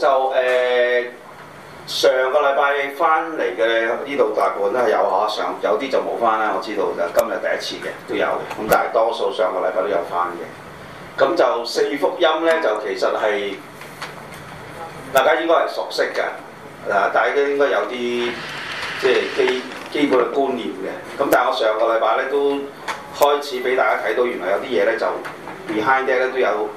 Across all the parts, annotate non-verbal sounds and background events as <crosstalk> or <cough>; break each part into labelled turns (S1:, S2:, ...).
S1: 就誒、呃、上個禮拜翻嚟嘅呢度大部分都係有下上有啲就冇翻啦。我知道就是、今日第一次嘅都有嘅，咁但係大多數上個禮拜都有翻嘅。咁就四福音呢，就其實係大家應該係熟悉㗎嗱，大家應該、啊、有啲即係基基本嘅觀念嘅。咁但係我上個禮拜呢，都開始俾大家睇到，原來有啲嘢呢就 behind 咧都有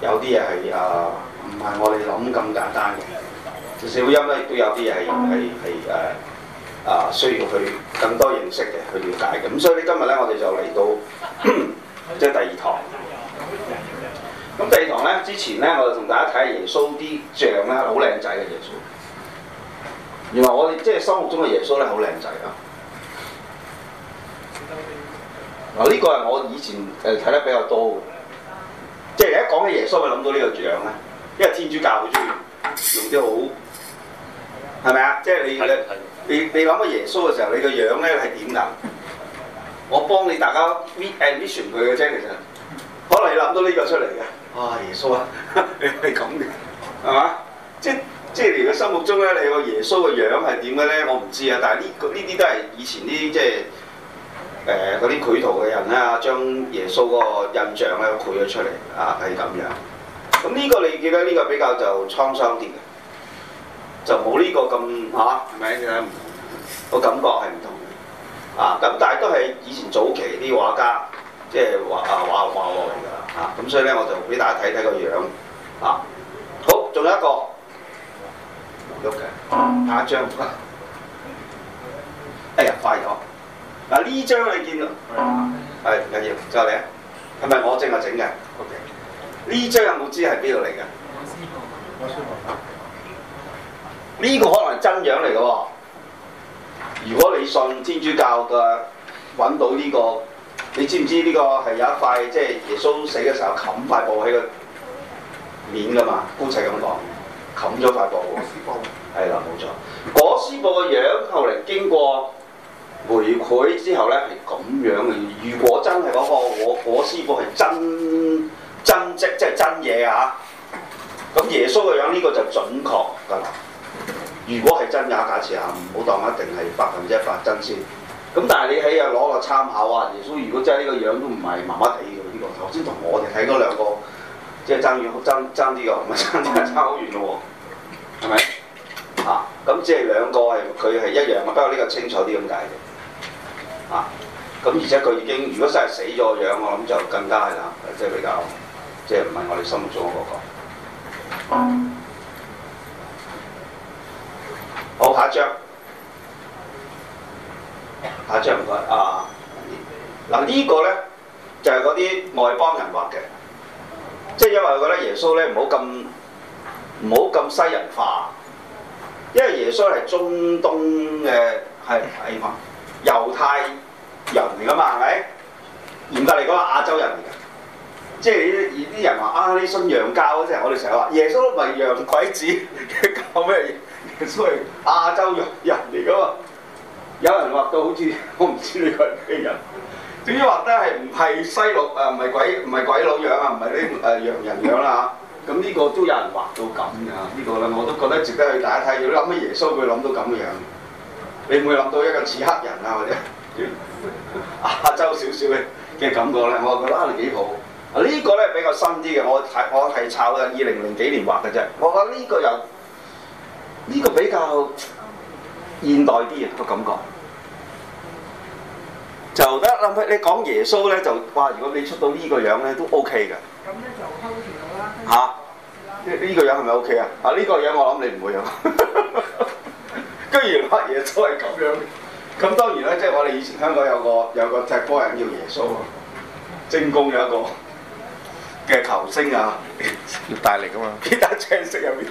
S1: 有啲嘢係啊。唔係我哋諗咁簡單嘅，四福音咧亦都有啲嘢係係係誒啊，需要去更多認識嘅去了解咁，所以咧今日咧我哋就嚟到即係 <coughs> 第二堂。咁第二堂咧之前咧，我哋同大家睇下耶穌啲像咧，好靚仔嘅耶穌。原來我哋即係心目中嘅耶穌咧，好靚仔啊！嗱，呢個係我以前誒睇得比較多嘅，即係而家講起耶穌，我諗到個呢個像咧。因為天主教好中意用啲好係咪啊？即係你你你諗個耶穌嘅時候，你個樣咧係點啊？ <laughs> 我幫你大家 view and vision 佢嘅啫，其實可能你諗到呢個出嚟嘅。啊，耶穌啊， <laughs> 你係咁嘅係嘛？即即係你嘅心目中咧，你個耶穌嘅樣係點嘅咧？我唔知、呃、啊，但係呢呢啲都係以前啲即係誒嗰啲繪圖嘅人咧，將耶穌個印象咧繪咗出嚟啊，係咁樣。咁呢個你記得呢個比較就滄桑啲嘅，就冇呢個咁嚇，係咪？其實唔同，個感覺係唔同嘅。啊，咁但係都係以前早期啲畫家，即係畫啊畫畫落嚟㗎啦。啊，咁所以咧我就俾大家睇睇個樣。啊，好，仲有一個冇喐嘅，下一張啊。哎呀，快咗。嗱呢張你見，係唔緊要，就嚟啊。嗯、係咪我正係整嘅？OK。呢張有冇知係邊
S2: 度
S1: 嚟嘅？呢、這個可能係真樣嚟㗎，哦。如果你信天主教嘅，揾到呢、這個，你知唔知呢個係有一塊即係耶穌死嘅時候冚塊布喺個面㗎嘛？姑且咁講，冚咗塊布。裹屍布係啦，冇錯。裹屍布個樣後嚟經過回饋之後咧係咁樣嘅。如果真係嗰個，我，我裹屍布係真。真跡即係真嘢啊！咁耶穌個樣呢個就準確㗎啦。如果係真嘅假設啊，唔好當一定係百分之一百真先。咁但係你喺度攞個參考啊，耶穌如果真係呢個樣都唔係麻麻地嘅呢個。頭先同我哋睇多兩個，即係爭遠爭爭啲㗎，唔係爭差好、這個這個、遠咯喎，係咪？啊，咁即係兩個係佢係一樣嘅，不過呢個清楚啲咁解嘅。啊，咁而且佢已經如果真係死咗嘅樣，我諗就更加係啦，即係比較。即係唔係我哋心目中嗰
S3: 個
S1: 好？好下一張，下一張唔該啊。嗱、這個、呢個咧就係嗰啲外邦人畫嘅，即係因為我覺得耶穌咧唔好咁唔好咁西人化，因為耶穌係中東嘅係係嘛猶太人嚟噶嘛，係咪？嚴格嚟講亞洲人嚟㗎。即係呢啲人話啊，你信洋教即係！我哋成日話耶穌都唔係洋鬼子，佢教咩？耶穌係亞洲人嚟噶嘛？有人畫到好似我唔知呢個咩人，至於畫得係唔係西陸啊？唔係鬼唔係鬼佬樣啊？唔係啲誒洋人樣啦嚇！咁呢個都有人畫到咁㗎，呢、呢個咧我都覺得值得去大家睇一睇。佢諗乜耶穌會諗到咁嘅樣？你唔會諗到一個似黑人啊或者亞洲少少嘅嘅感覺咧？我覺得拉、啊、你幾好。呢個咧比較新啲嘅，我係我係炒嘅二零零幾年畫嘅啫。我覺得呢個又呢、這個比較現代啲嘅個感覺，就得。諗起你講耶穌咧，就哇！如果你出到呢個樣咧，都 OK 嘅。咁咧就
S2: 啦。
S1: 嚇、啊？呢呢個樣係咪 OK 啊？啊、這、呢個樣我諗你唔會啊， <laughs> 居然黑耶穌係咁樣嘅。咁當然咧，即、就、係、是、我哋以前香港有個有個踢波人叫耶穌啊，精工有一個。嘅球星啊，
S2: 要大力噶嘛？
S1: 喺啲青色入面，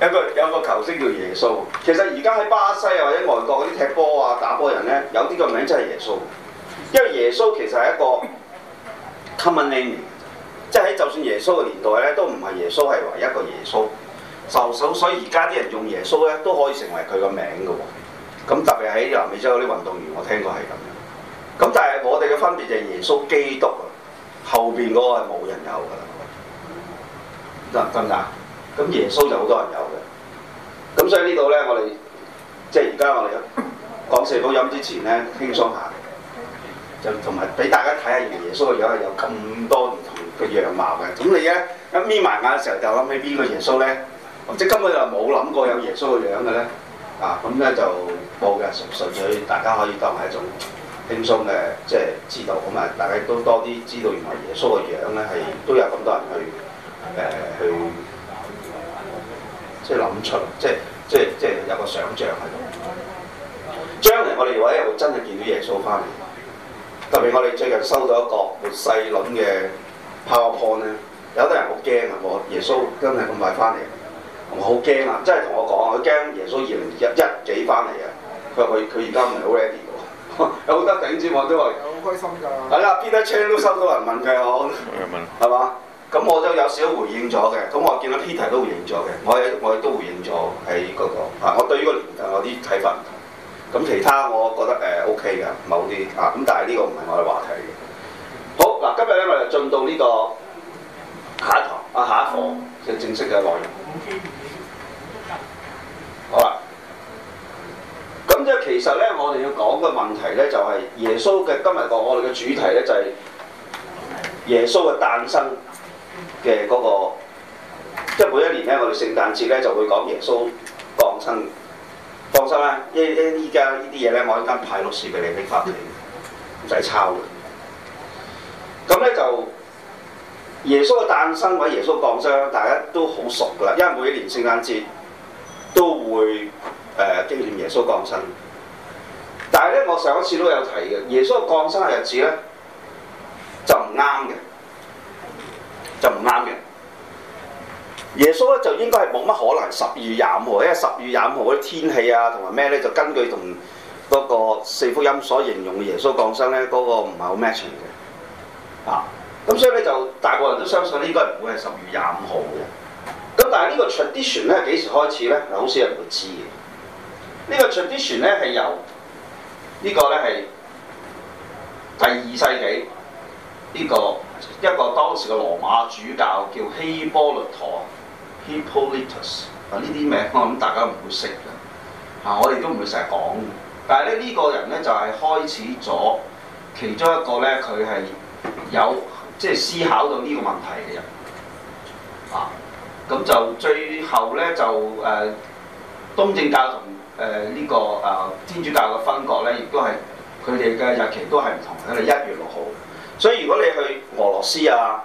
S1: 有個有個球星叫耶穌。其實而家喺巴西、啊、或者外國嗰啲踢波啊、打波人咧，有啲個名真係耶穌。因為耶穌其實係一個 common name，即係喺就算耶穌嘅年代咧，都唔係耶穌係唯一一個耶穌。就所所以而家啲人用耶穌咧，都可以成為佢個名嘅喎、哦。咁特別喺南美洲啲運動員，我聽過係咁樣。咁但係我哋嘅分別就係耶穌基督啊。後邊嗰個係無人有㗎啦，得得唔得？咁耶穌就好多人有嘅，咁所以呢度咧，我哋即係而家我哋講四福音之前咧，輕鬆下就同埋俾大家睇下耶穌嘅樣係有咁多唔同嘅樣貌嘅。咁你咧一眯埋眼嘅時候就諗起邊個耶穌咧？或者根本就冇諗過有耶穌嘅樣嘅咧？啊，咁咧就冇嘅，純粹大家可以當係一種。輕鬆嘅，即係知道咁啊！大家都多啲知道原來耶穌個樣咧，係都有咁多人去誒、呃、去，即係諗出，即係即係即係有個想像喺度。將來我哋如果真係見到耶穌翻嚟，特別我哋最近收到一個末世論嘅 PowerPoint 呢，有啲人好驚啊！有有我耶穌真係咁快翻嚟，我好驚啊！即係同我講，佢驚耶穌二零一一幾翻嚟啊！佢佢佢而家唔係好 ready。有得頂住我都係，
S2: 好開
S1: 心㗎。係啦，Peter Chan 都收到人問嘅，好，有人問，係嘛？咁我都有少少回應咗嘅，咁我見到 Peter 都回應咗嘅，我亦我亦都回應咗喺嗰個啊。我對於呢個年代有啲睇法唔同，咁其他我覺得誒、呃、OK 㗎，某啲啊，咁但係呢個唔係我嘅話題嘅。好嗱、啊，今日咧我哋進到呢個下一堂啊下一課嘅、嗯、正式嘅內容。Okay. 其實咧，我哋要講嘅問題咧，就係耶穌嘅，今日個我哋嘅主題咧，就係耶穌嘅誕生嘅嗰個。即係每一年咧，我哋聖誕節咧就會講耶穌降生。放心啦，依依依家依啲嘢咧，我一家派錄士俾你拎翻嚟，唔使抄。咁咧就耶穌嘅誕生或者耶穌降生，大家都好熟噶啦，因為每一年聖誕節都會誒紀念耶穌降生。但係咧，我上一次都有提嘅，耶穌降生嘅日子咧就唔啱嘅，就唔啱嘅。耶穌咧就應該係冇乜可能十二廿五號，因為十二廿五號嗰啲天氣啊同埋咩咧，就根據同嗰個四福音所形容嘅耶穌降生咧，嗰、嗰個唔係好 match 嘅啊。咁所以咧就大個人都相信咧，應該唔會係十二廿五號嘅。咁但係呢個 tradition 咧幾時開始咧？好少人會知嘅。這個、呢個 tradition 咧係由呢個咧係第二世紀呢、這個一個當時嘅羅馬主教叫希波律陀 （Hippolytus），啊呢啲名我諗大家唔會識嘅，啊我哋都唔會成日講，但係咧呢、這個人咧就係、是、開始咗其中一個咧，佢係有即係、就是、思考到呢個問題嘅人，啊咁就最後咧就誒、呃、東正教同。誒呢、呃這個啊、呃、天主教嘅分割咧，亦都係佢哋嘅日期都係唔同嘅。一月六號，所以如果你去俄羅斯啊，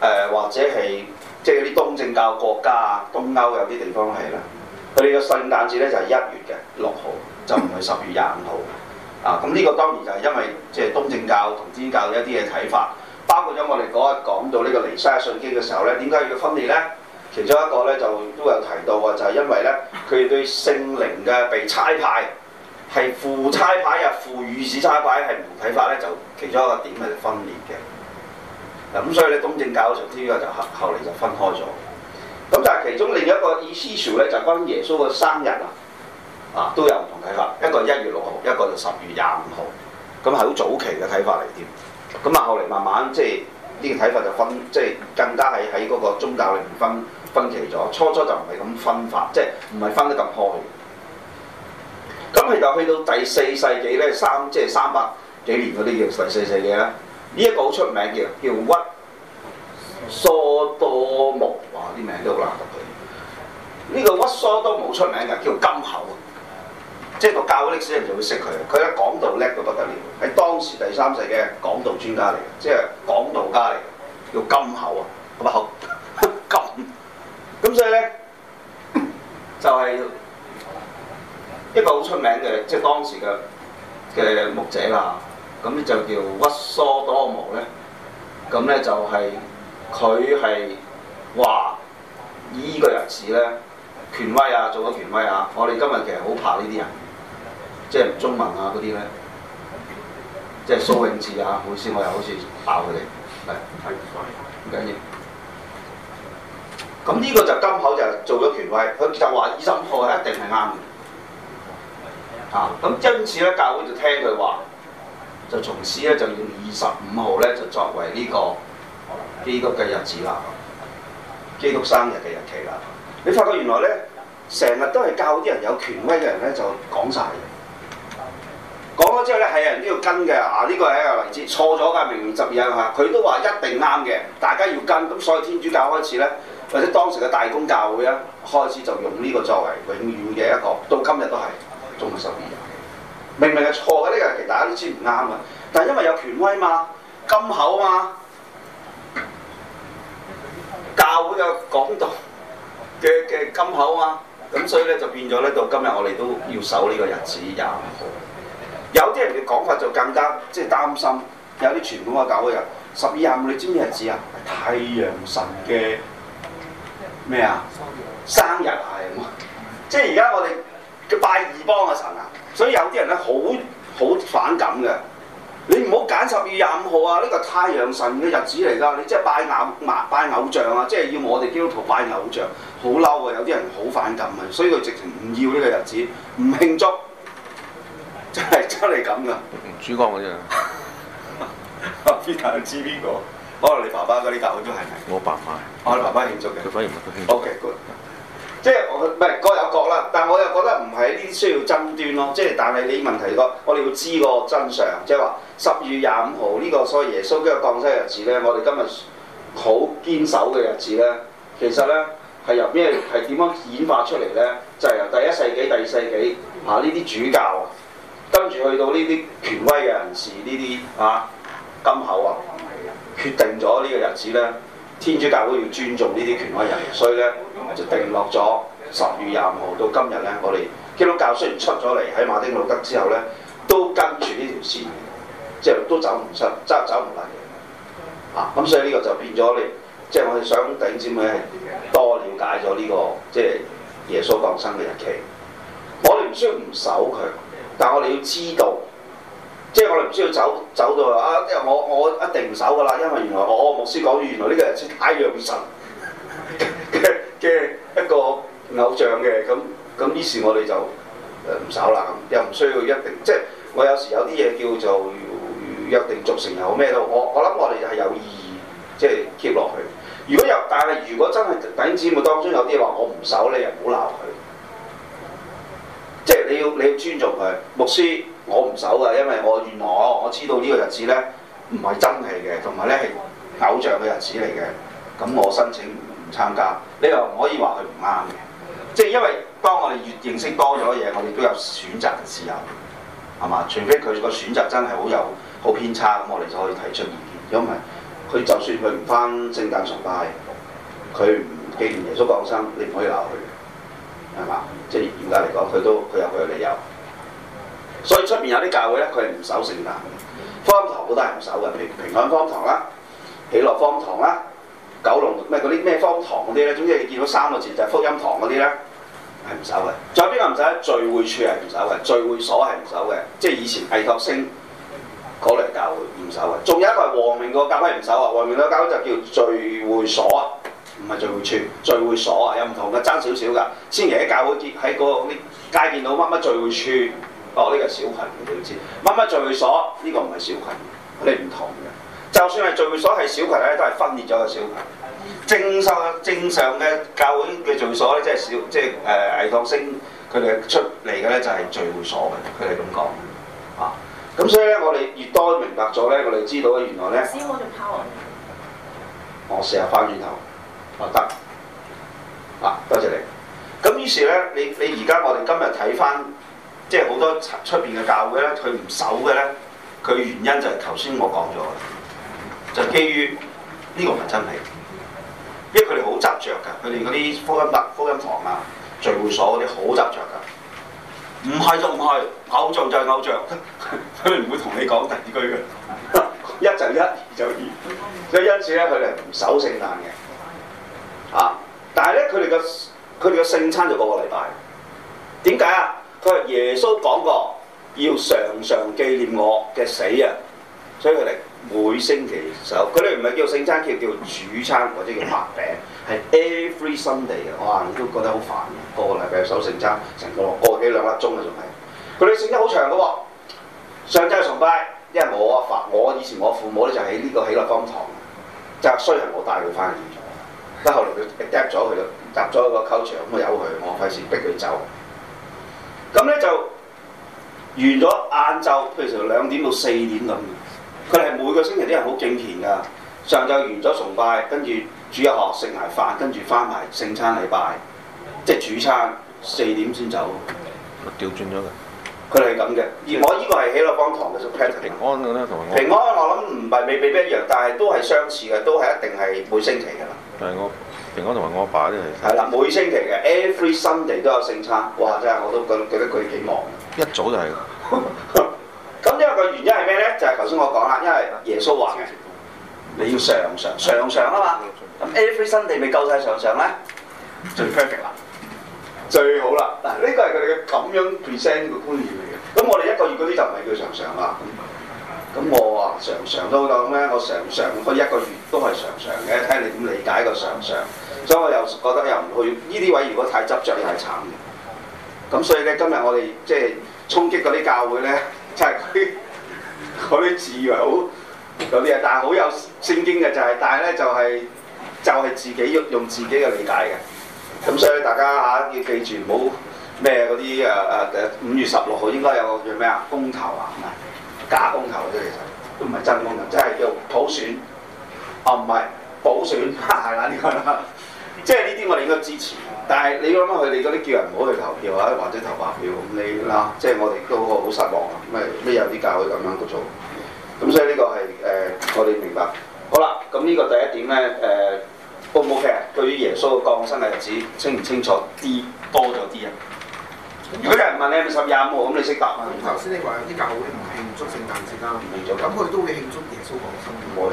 S1: 誒、呃、或者係即係啲東正教國家啊，東歐有啲地方係啦，佢哋嘅聖誕節咧就係一月嘅六號，就唔係十月廿五號。 <laughs> 啊，咁呢個當然就係因為即係、就是、東正教同天主教一啲嘅睇法，包括咗我哋講一到呢、這個尼西亞信經嘅時候咧，點解要分裂咧？其中一個咧就都有提到喎，就係、是、因為咧佢哋對聖靈嘅被差派，係父差派啊，父與子差派係唔同睇法咧，就其中一個點係分裂嘅。咁所以咧，東正教嗰場呢個就後後嚟就分開咗。咁但係其中另一個意思潮咧，就關於耶穌嘅生日啊，啊都有唔同睇法，一個一月六號，一個就十月廿五號。咁係好早期嘅睇法嚟添。咁啊後嚟慢慢即係呢、這個睇法就分，即係更加喺喺嗰個宗教裏面分。分歧咗，初初就唔係咁分法，即係唔係分得咁開。咁其實去到第四世紀咧，三即係三百幾年嗰啲叫第四世紀啊。呢、這、一個好出名嘅，叫屈蘇多木，哇！啲名都好難讀嘅。呢、這個屈蘇多木好出名嘅，叫金口，即係個教歷史人就會識佢。佢咧講道叻到不得了，喺當時第三世嘅講道專家嚟，即係講道家嚟，叫金口啊。咁啊好金。金咁所以咧，就係、是、一個好出名嘅，即、就、係、是、當時嘅嘅牧者啦。咁、啊、咧就叫屈梭多毛咧。咁咧就係佢係話呢個人士咧權威啊，做咗權威啊。我哋今日其實好怕呢啲人，即唔中文啊嗰啲咧，即係蘇永智啊，好似我又好似爆佢哋嚟。係，唔緊要。咁呢個就金口就做咗權威，佢就話二十五號係一定係啱嘅。啊，咁因此咧，教會就聽佢話，就從此咧就用二十五號咧就作為呢、這個基督嘅日子啦，基督生日嘅日期啦。你發覺原來咧，成日都係教啲人有權威嘅人咧就講晒。講咗之後咧係人都要跟嘅。啊，呢、這個係一個例子，錯咗㗎，明明執意啊佢都話一定啱嘅，大家要跟。咁所以天主教開始咧。或者當時嘅大公教會啊，開始就用呢個作為永遠嘅一個，到今日都係仲十二日。明明係錯嘅呢個其實，大家都知唔啱嘅。但係因為有權威嘛，金口嘛，教會有講道嘅嘅金口啊嘛，咁所以咧就變咗咧，到今日我哋都要守呢個日子廿五號。有啲人嘅講法就更加即係、就是、擔心，有啲傳統嘅教會人，十二廿五你知唔知日子啊？太陽神嘅。咩啊？生日係咁啊！即係而家我哋嘅拜二幫嘅神啊，所以有啲人咧好好反感嘅。你唔好揀十二廿五號啊！呢個太陽神嘅日子嚟㗎，你即係拜偶麻拜偶像啊！即係要我哋基督徒拜偶像，好嬲啊！有啲人好反感啊，所以佢直情唔要呢個日子，唔慶祝，真係真係咁㗎。主角嗰隻啊，比頭知邊個？ <laughs> 可能、哦、你爸爸嗰啲教會都係咪？我爸爸係，我、哦、爸爸慶祝嘅。佢反而唔係佢慶祝。O Okay , K，good. 即係唔係各有各啦，但係我又覺得唔係呢啲需要爭端咯。即係但係你問題個，我哋要知個真相，即係話十二月廿五號呢個所謂耶穌嘅降世日子咧，我哋今日好堅守嘅日子咧，其實咧係由咩係點樣演化出嚟咧？就係、是、由第一世紀、第二世紀嚇呢啲主教跟住去到呢啲權威嘅人士呢啲嚇金口啊！決定咗呢個日子呢，天主教會要尊重呢啲權威人，所以呢，就定落咗十月廿五號到今日呢，我哋基督教雖然出咗嚟喺馬丁路德之後呢，都跟住呢條線，即係都走唔出，走走唔嚟。啊，咁所以呢個就變咗你，即係我哋想弟兄姊妹多了解咗呢個即係耶穌降生嘅日期。我哋唔需要唔守佢，但係我哋要知道。即係我哋唔需要走走到啊，即係我我一定唔守噶啦，因為原來我牧師講原來呢個人係太陽神嘅嘅 <laughs> 一個偶像嘅，咁咁於是我哋就誒唔守啦，咁，又唔需要一定。即係我有時有啲嘢叫做約定俗成又好，咩都我我諗我哋係有意義即係 keep 落去。如果又但係如果真係弟兄姊妹當中有啲嘢話我唔守咧，又唔好鬧佢，即係你要你要尊重佢牧師。我唔守噶，因為我原來我我知道呢個日子呢，唔係真係嘅，同埋呢係偶像嘅日子嚟嘅。咁我申請唔參加，你又唔可以話佢唔啱嘅。即係因為當我哋越認識多咗嘢，我哋都有選擇嘅時候，係嘛？除非佢個選擇真係好有好偏差，咁我哋就可以提出意見。因為佢就算佢唔翻聖誕崇拜，佢唔紀念耶穌降生，你唔可以鬧佢嘅，係嘛？即係嚴格嚟講，佢都佢有佢嘅理由。所以出面有啲教會咧，佢係唔守聖誕嘅。福音堂好多係唔守嘅，平平安福音堂啦，喜樂福音堂啦，九龍咩嗰啲咩福音堂嗰啲咧，總之你見到三個字就係、是、福音堂嗰啲咧，係唔守嘅。仲有邊個唔守？咧？聚會處係唔守嘅，聚會所係唔守嘅，即係以前係靠星嗰嚟教會唔守嘅。仲有一個係黃明個教會唔守啊，黃明個教會就叫聚會所啊，唔係聚會處，聚會所啊，有唔同嘅爭少少噶。先期啲教會見喺個啲街見到乜乜聚會處，哦，呢、這個小群你都知，乜乜聚會所呢個唔係小群，你唔、這個、同嘅。就算係聚會所係小群咧，都係分裂咗嘅小群。 <noise> 正修正常嘅教會嘅聚會所咧，即係小，即係誒倪柝聲佢哋出嚟嘅咧，就係聚會所嘅。佢哋咁講啊，咁所以咧，我哋越多明白咗咧，我哋知道原來咧。我成日翻轉頭，我、啊、得啊，多謝你。咁於是咧，你你而家我哋今日睇翻。即係好多出邊嘅教會咧，佢唔守嘅咧，佢原因就係頭先我講咗嘅，就是、基於呢、呢個唔係真理。因為佢哋好執着嘅，佢哋嗰啲福音屋、福音堂啊、聚會所嗰啲好執着嘅，唔係就唔係，偶像就係偶像，佢哋唔會同你講第二句嘅， <laughs> 一就一，二就二，所以因此咧，佢哋唔守聖誕嘅，啊！但係咧，佢哋嘅佢哋嘅聖餐就個個禮拜，點解啊？佢話耶穌講過要常常記念我嘅死啊，所以佢哋每星期守，佢哋唔係叫聖餐，叫主餐，叫主餐或者叫發餅，係 every Sunday 嘅哇，你都覺得好煩嘅，個個禮拜守聖餐成個個幾兩粒鐘啊，仲係佢哋聖餐好長嘅喎。上週崇拜因為我阿爸，我以前我父母咧，就喺呢個喜樂宗堂嘅，就雖然我帶佢翻去現場，但後來佢 adjust 咗佢，入咗一個溝場，咁我由佢，我費事逼佢走。咁咧就完咗晏晝，譬如成兩點到四點咁。佢係每個星期都係好敬虔㗎。上晝完咗崇拜，跟住煮一學食埋飯，跟住翻埋聖餐禮拜，即係主餐四點先走。
S2: 調轉咗㗎。
S1: 佢係咁嘅。而我呢個係喜樂坊堂嘅平安㗎咧，同平安。平安，我諗唔係未未必一樣，但係都係相似嘅，都係一定係每星期㗎啦。
S2: 係我，平安同埋我阿爸都係，係啦，每星
S1: 期嘅 every Sunday 都有聖餐，哇！真係我都覺覺得佢哋幾忙。一早就係，咁呢 <laughs> 個嘅原因係咩咧？就係頭先我講啦，因為耶穌話嘅，你要常常常常啊嘛。咁 every Sunday 咪夠晒常常咧，最 perfect 啦， <laughs> 最好啦。嗱，呢個係佢哋嘅咁樣 present 嘅觀念嚟嘅。咁我哋一個月嗰啲就唔係叫常常啦。咁我啊，常常都咁咧，我常常去一個月都係常常嘅，睇下你點理解個常常。所以我又覺得又唔去呢啲位，如果太執着、又係慘嘅。咁所以咧，今日我哋即係衝擊嗰啲教會咧，就係佢啲嗰啲字好有啲嘢，但係好有聖經嘅就係、是，但係咧就係、是、就係、是、自己用自己嘅理解嘅。咁所以大家吓要記住，唔好咩嗰啲誒誒五月十六號應該有個叫咩啊，公投啊。係咪？假公投啫，其實都唔係真公投，嗯、即係叫普選。啊唔係補選，係啦呢個啦，即係呢啲我哋應該支持。 <laughs> 但係你諗下佢哋嗰啲叫人唔好去投票啊，或者投白票咁，你嗱的、啊，即係我哋都好失望啊，咪咩有啲教會咁樣去做。咁所以呢個係誒、呃、我哋明白。 <laughs> 好啦，咁呢個第一點咧誒，O 唔 OK 啊？對於耶穌降生嘅日子，清唔清楚啲多咗啲啊？如果有人問你係咪十廿五號，咁、嗯、你識答嘛？頭先、嗯、你話有啲教會唔慶祝聖誕節啊，咁佢都會慶祝耶穌降生。唔會，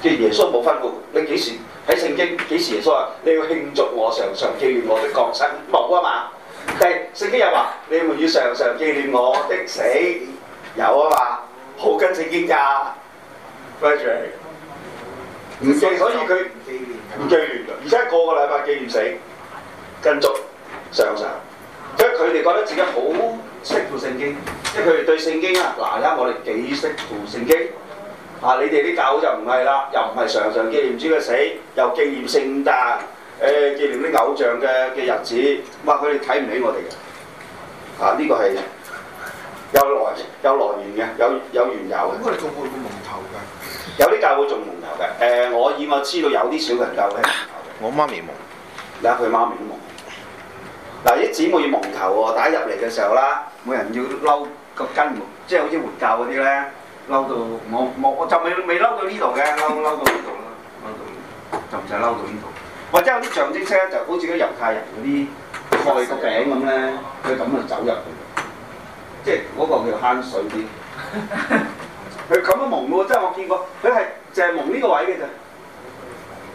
S1: 即係耶穌冇吩咐你幾時，喺聖經幾時耶穌話你要慶祝我，常常記念我的降生，冇啊嘛。但係聖經又話你們要常常記念我的死，有啊嘛，好跟聖經㗎。唔記，所以佢唔記念。唔記念，而且個個禮拜記念死，跟足常常。上上即係佢哋覺得自己好識讀聖經，即係佢哋對聖經啊！嗱，而家我哋幾識讀聖經啊？你哋啲教就唔係啦，又唔係常常紀念主嘅死，又紀念聖誕，誒、呃、紀念啲偶像嘅嘅日子，哇！佢哋睇唔起我哋嘅啊！呢個係有來有來源嘅，有有緣由。咁我哋做過冇蒙頭嘅，有啲教會仲蒙頭嘅。誒、呃，我以我知道有啲小朋友係蒙頭嘅。
S2: 我媽咪蒙，
S1: 睇下佢媽咪都蒙。嗱，啲姊妹要蒙頭喎，打入嚟嘅時候啦，每人要嬲個根，即係好似活教嗰啲咧，嬲到冇我，我就未未嬲到呢度嘅，嬲嬲到呢度啦，嬲到，到，到，就唔使嬲到呢度。或者有啲象徵車，就好似啲猶太人嗰啲蓋個頸咁咧，佢咁是樣走入去，即係嗰個叫慳水啲。佢咁 <laughs> 樣蒙喎，真係我見過，佢係淨係蒙呢個位嘅啫。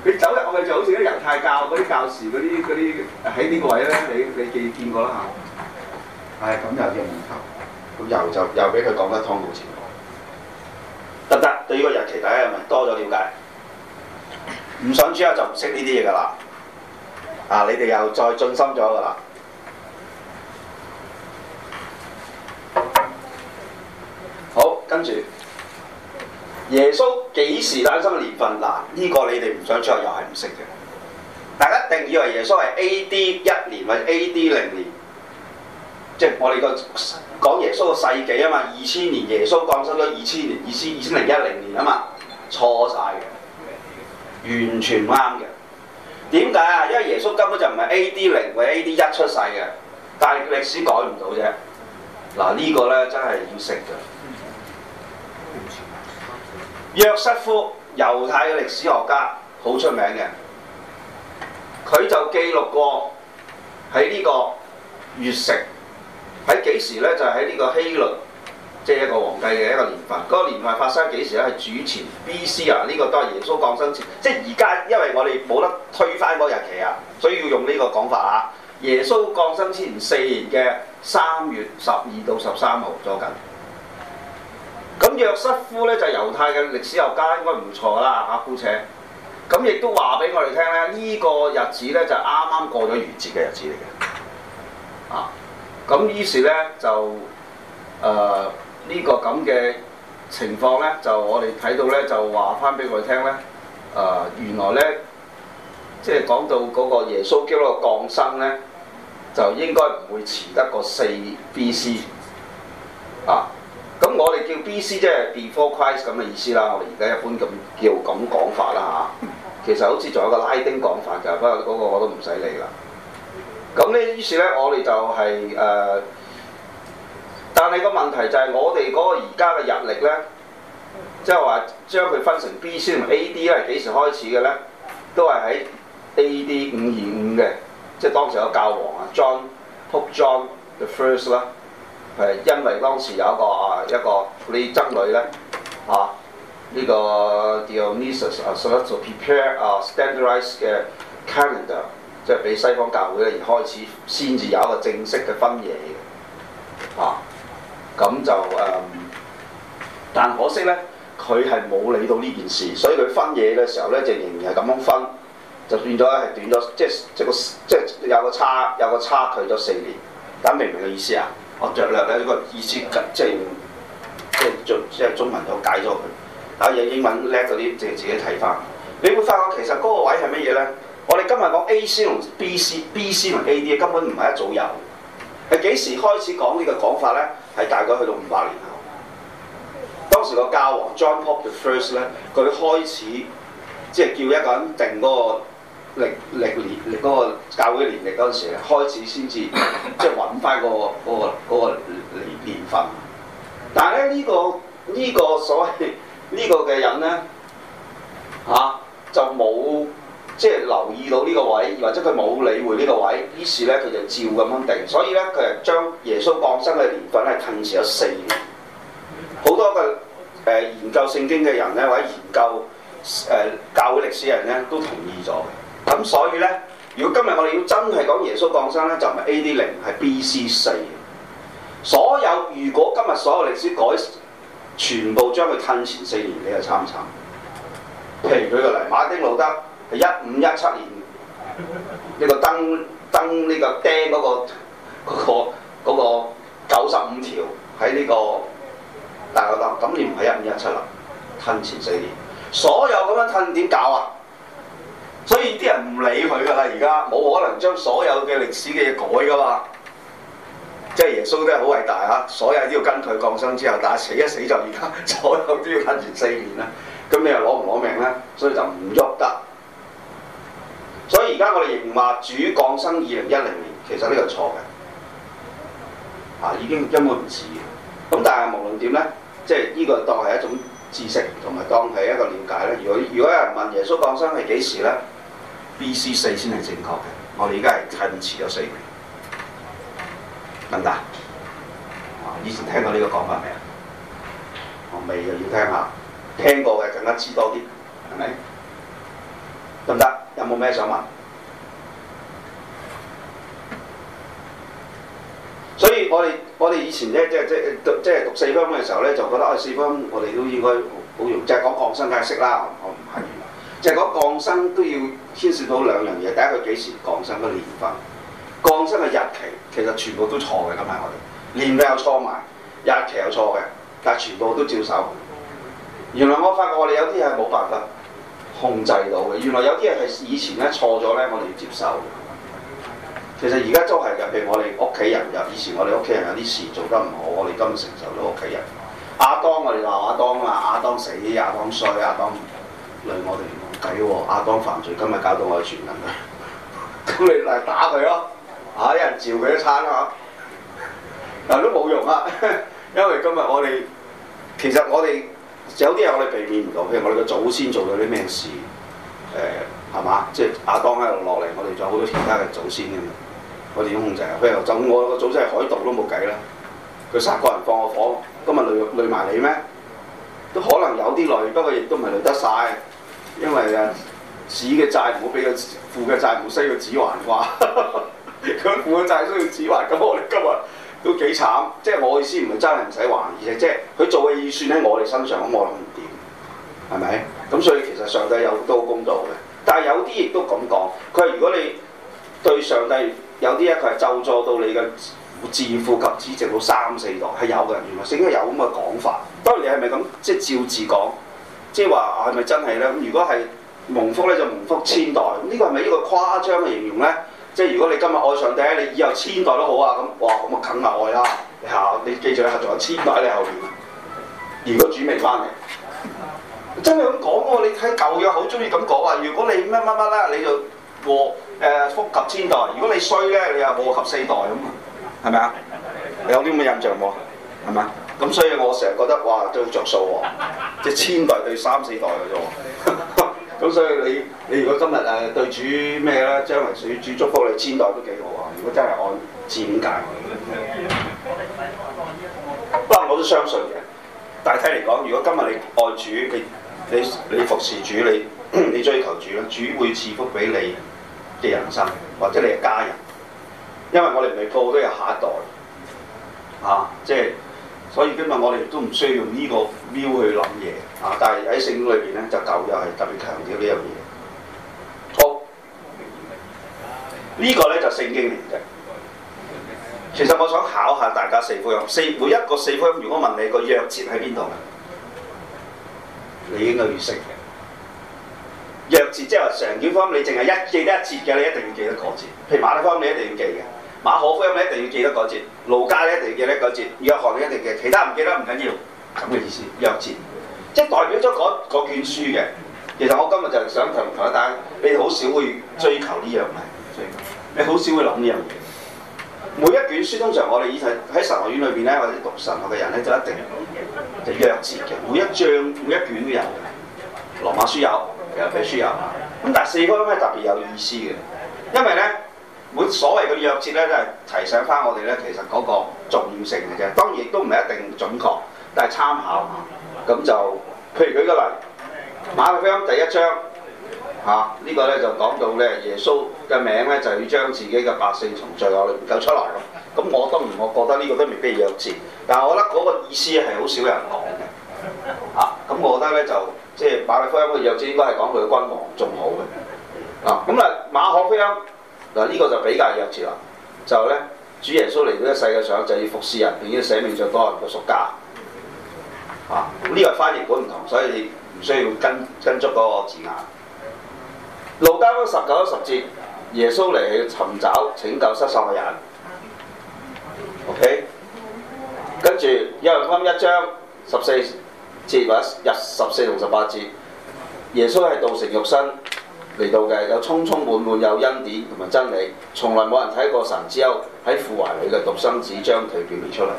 S1: 你走入去就好似啲猶太教嗰啲教士嗰啲啲喺呢個位咧，你你見見過啦嚇。係、哎、咁又用油，咁油就又俾佢講得滔滔錢講，得唔得？對呢個日期大家又問多咗點解？唔想之後就唔識呢啲嘢噶啦。啊！你哋又再進心咗噶啦。好，跟住。耶穌幾時誕生嘅年份？嗱，呢、這個你哋唔想出去又係唔識嘅。大家一定以為耶穌係 A.D. 一年或者 A.D. 零年，即係我哋個講耶穌個世紀啊嘛。二千年耶穌降生咗二千年，意思二千零一零年啊嘛，錯晒嘅，完全唔啱嘅。點解啊？因為耶穌根本就唔係 A.D. 零或者 A.D. 一出世嘅，但係歷史改唔到啫。嗱，這個、呢個咧真係要識嘅。約瑟夫，猶太嘅歷史學家，好出名嘅。佢就記錄過喺呢個月食喺幾時呢？就係喺呢個希律，即係一個皇帝嘅一個年份。嗰個年份發生喺幾時呢？係主前 B.C. 啊，呢個都係耶穌降生前。即係而家，因為我哋冇得推翻嗰個日期啊，所以要用呢個講法啊。耶穌降生前四年嘅三月十二到十三號，左近。咁約瑟夫咧就是、猶太嘅歷史學家，應該唔錯啦，阿、啊、姑且，咁亦都話俾我哋聽咧，呢、這個日子咧就啱、是、啱過咗逾節嘅日子嚟嘅。啊，咁於是咧就誒、呃這個、呢個咁嘅情況咧，就我哋睇到咧就話翻俾我哋聽咧，誒、呃、原來咧即係講到嗰個耶穌基督降生咧，就應該唔會遲得過四 B.C. 啊。咁我哋叫 B.C. 即係 Before Christ 咁嘅意思啦，我哋而家一般咁叫咁講法啦吓，其實好似仲有個拉丁講法嘅，不過嗰個我都唔使理啦。咁呢？於是呢，我哋就係、是、誒、呃，但係個問題就係我哋嗰個而家嘅日曆呢，即係話將佢分成 B.C. 同 A.D. 咧，係幾時開始嘅呢？都係喺 A.D. 五二五嘅，即係當時有教皇啊，John Pope John the First 啦。係因為當時有一個啊一個呢僧侶呢，啊呢、這個叫 Dionysus 啊，so to prepare 啊 standardize 嘅 calendar 即係俾西方教會而開始先至有一個正式嘅分野嘅啊，咁就誒、嗯，但可惜呢，佢係冇理到呢件事，所以佢分野嘅時候呢，就仍然係咁樣分，就變咗係短咗，即係即個即係有個差有個差距咗四年，大家明唔明個意思啊？我着略咧呢個意思即，即係即係做即係中文就，我解咗佢。啊，有英文叻嗰啲，就自己睇翻。你會發覺其實嗰個位係乜嘢咧？我哋今日講 A C 同 B C，B C 同 A D 根本唔係一組遊。係幾時開始講呢個講法咧？係大概去到五百年前。當時個教皇 John p a u e the FirstJohn Paul the First 咧，佢開始即係叫一個人定嗰、那個。歷歷年歷嗰個教會年歷嗰陣時開始先至即係揾翻個嗰、那個嗰、那個年年份，但係咧呢、這個呢、這個所謂、這個、呢個嘅人咧嚇就冇即係留意到呢個位，或者佢冇理會呢個位，於是咧佢就照咁樣定，所以咧佢係將耶穌降生嘅年份係褪遲咗四年。好多個誒、呃、研究聖經嘅人咧，或者研究誒、呃、教會歷史嘅人咧，都同意咗。咁所以呢，如果今日我哋要真係講耶穌降生呢，就唔係 A.D. 零，係 B.C. 四。所有如果今日所有歷史改，全部將佢褪前四年，你又參唔參？譬如舉個例，馬丁路德係一五一七年呢、這個登登呢個釘嗰個嗰個嗰個九十五條喺呢個，那個那個那個、個大教堂。咁你唔係一五一七啦，褪前四年，所有咁樣褪點搞啊？所以啲人唔理佢噶啦，而家冇可能將所有嘅歷史嘅嘢改噶嘛。即係耶穌都係好偉大呀，所有都要跟佢降生之後，但係死一死就而家，所有都要跟住四年啦。咁你又攞唔攞命呢？所以就唔喐得。所以而家我哋仍然話主降生二零一零年，其實呢個錯嘅。啊，已經根本唔似嘅。咁但係無論點呢，即係呢個當係一種知識，同埋當係一個了解咧。如果如果有人問耶穌降生係幾時呢？B、C 四先係正確嘅，我哋而家係遲咗四年，得唔得？以前聽過呢個講法未啊？我未就要聽下，聽過嘅更加知多啲，係咪？得唔得？有冇咩想問？所以我哋我哋以前咧即係即係即係讀四分嘅時候咧，就覺得愛四分我哋都應該好用，即係講擴生解釋啦。就係講降生都要牽涉到兩樣嘢，第一佢幾時降生嘅年份，降生嘅日期，其實全部都錯嘅。咁係我哋年份有錯埋，日期有錯嘅，但係全部都照收。原來我發覺我哋有啲係冇辦法控制到嘅，原來有啲嘢係以前咧錯咗咧，我哋要接受。其實而家都係嘅，譬如我哋屋企人有，以前我哋屋企人有啲事做得唔好，我哋今日承受咗。屋企人。亞當，我哋鬧亞當啊，亞當死，亞當衰，亞當累我哋。抵喎亞當犯罪，今日搞到我全人佢，咁 <laughs> 你嚟打佢咯嚇，一、啊、人召佢一餐咯嚇、 <laughs> 啊，都冇用啊， <laughs> 因為今日我哋其實我哋有啲嘢我哋避免唔到，譬如我哋個祖先做咗啲咩事，誒係嘛，即係亞當喺度落嚟，我哋仲有好多其他嘅祖先，咁我哋要控制啊。譬如就我個祖先係海盜都冇計啦，佢殺個人放個火，今日累累埋你咩？都可能有啲累，不過亦都唔係累得晒。因為啊，子嘅債唔好俾個父嘅債唔需要子還哇！咁父嘅債需要子還，咁我哋今日都幾慘。即係我意思唔係真係唔使還，而係即係佢做嘅預算喺我哋身上，咁我諗唔掂，係咪？咁所以其實上帝有都好公道嘅，但係有啲亦都咁講，佢係如果你對上帝有啲咧，佢係就助到你嘅自父及子，直到三四代係有嘅，原來，所以有咁嘅講法。當然你係咪咁即係照字講？即係話係咪真係咧？咁如果係蒙福咧，就蒙福千代。呢個係咪一個誇張嘅形容咧？即係如果你今日愛上帝，你以後千代都好啊。咁哇，咁咪更埋愛啦、啊！嚇、哎，你記住啊，仲有千代喺你後邊。如果主未翻嚟，真係咁講喎。你睇舊約好中意咁講啊。如果你乜乜乜啦，你就禍誒、呃、福及千代；如果你衰咧，你又禍及四代咁啊。係咪啊？你有啲咁嘅印象冇？係咪？咁所以我成日覺得哇，都好著數喎，即係千代對三四代嘅啫喎。咁 <laughs> 所以你你如果今日誒、呃、對主咩咧，將來主祝祝福你千代都幾好啊。如果真係按字面解，不過、嗯、我都相信嘅。大體嚟講，如果今日你愛主，你你你服侍主，你 <coughs> 你追求主咧，主會賜福俾你嘅人生，或者你嘅家人，因為我哋未報都有下一代啊，即係。所以今日我哋都唔需要用呢個 view 去諗嘢啊！但係喺聖經裏邊咧，就舊有係特別強調呢樣嘢。好，呢個咧就聖經嚟嘅。其實我想考下大家四福音，四每一個四福音，如果問你個弱節喺邊度嘅，你應該要識。弱節即係話常見方，你淨係記得一節嘅，你一定要記得個字。譬如馬太方，你一定要記嘅。馬可福音咧一定要記得嗰節，路加咧一定要記得嗰節，約翰咧一定要記得，其他唔記得唔緊要。咁嘅意思，鑰節，即係代表咗嗰卷書嘅。其實我今日就想同大家，你哋好少會追求呢樣嘢，你好少會諗呢樣嘢。每一卷書通常我哋以前喺神學院裏邊咧，或者讀神學嘅人咧，就一定係鑰節嘅。每一章每一卷都有嘅人，羅馬書有，約翰書有，咁但係四福音咧特別有意思嘅，因為咧。本所謂嘅鑰節呢，都係提醒翻我哋呢，其實嗰個重要性嘅啫。當然亦都唔係一定準確，但係參考咁就，譬如舉個例，馬太福音第一章嚇，呢、啊呢個呢，就講到呢，耶穌嘅名呢，就要將自己嘅百姓從罪惡裏救出嚟咯。咁我當然我覺得呢個都未必鑰節，但係我覺得嗰個意思係好少人講嘅。咁我覺得呢，就，即係馬太福音嘅鑰節應該係講佢嘅君王仲好嘅。咁啊馬可福音。嗱，呢個就比較弱智啦，就咧主耶穌嚟到呢個世界上，就要服侍人，要捨命作多人嘅贖價，啊，咁、這、呢個翻譯本唔同，所以唔需要跟跟足嗰個字眼。路加福音十九十節，耶穌嚟去尋找拯救失喪嘅人。OK，跟住約翰福音一章十四節或者一十四同十八節，耶穌係道成肉身。嚟到嘅有充充滿滿有恩典同埋真理，從來冇人睇過神，只有喺父懷裏嘅獨生子將佢表現出嚟。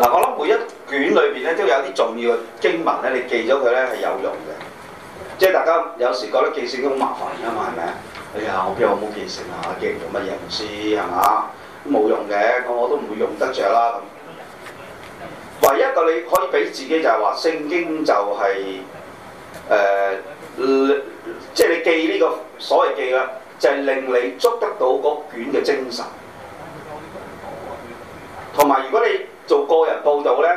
S1: 嗱，啊，我諗每一卷裏邊咧都有啲重要嘅經文咧，你記咗佢呢係有用嘅。即係大家有時覺得記聖經都好麻煩啊嘛，係咪？哎呀，我邊有冇記聖經啊？記唔到乜嘢唔知係嘛？都冇用嘅，我我都唔會用得着啦。唯一個你可以俾自己就係話聖經就係、是、誒。呃即係你記呢個所謂記啦，就係令你捉得到嗰卷嘅精神。同埋如果你做個人報道呢，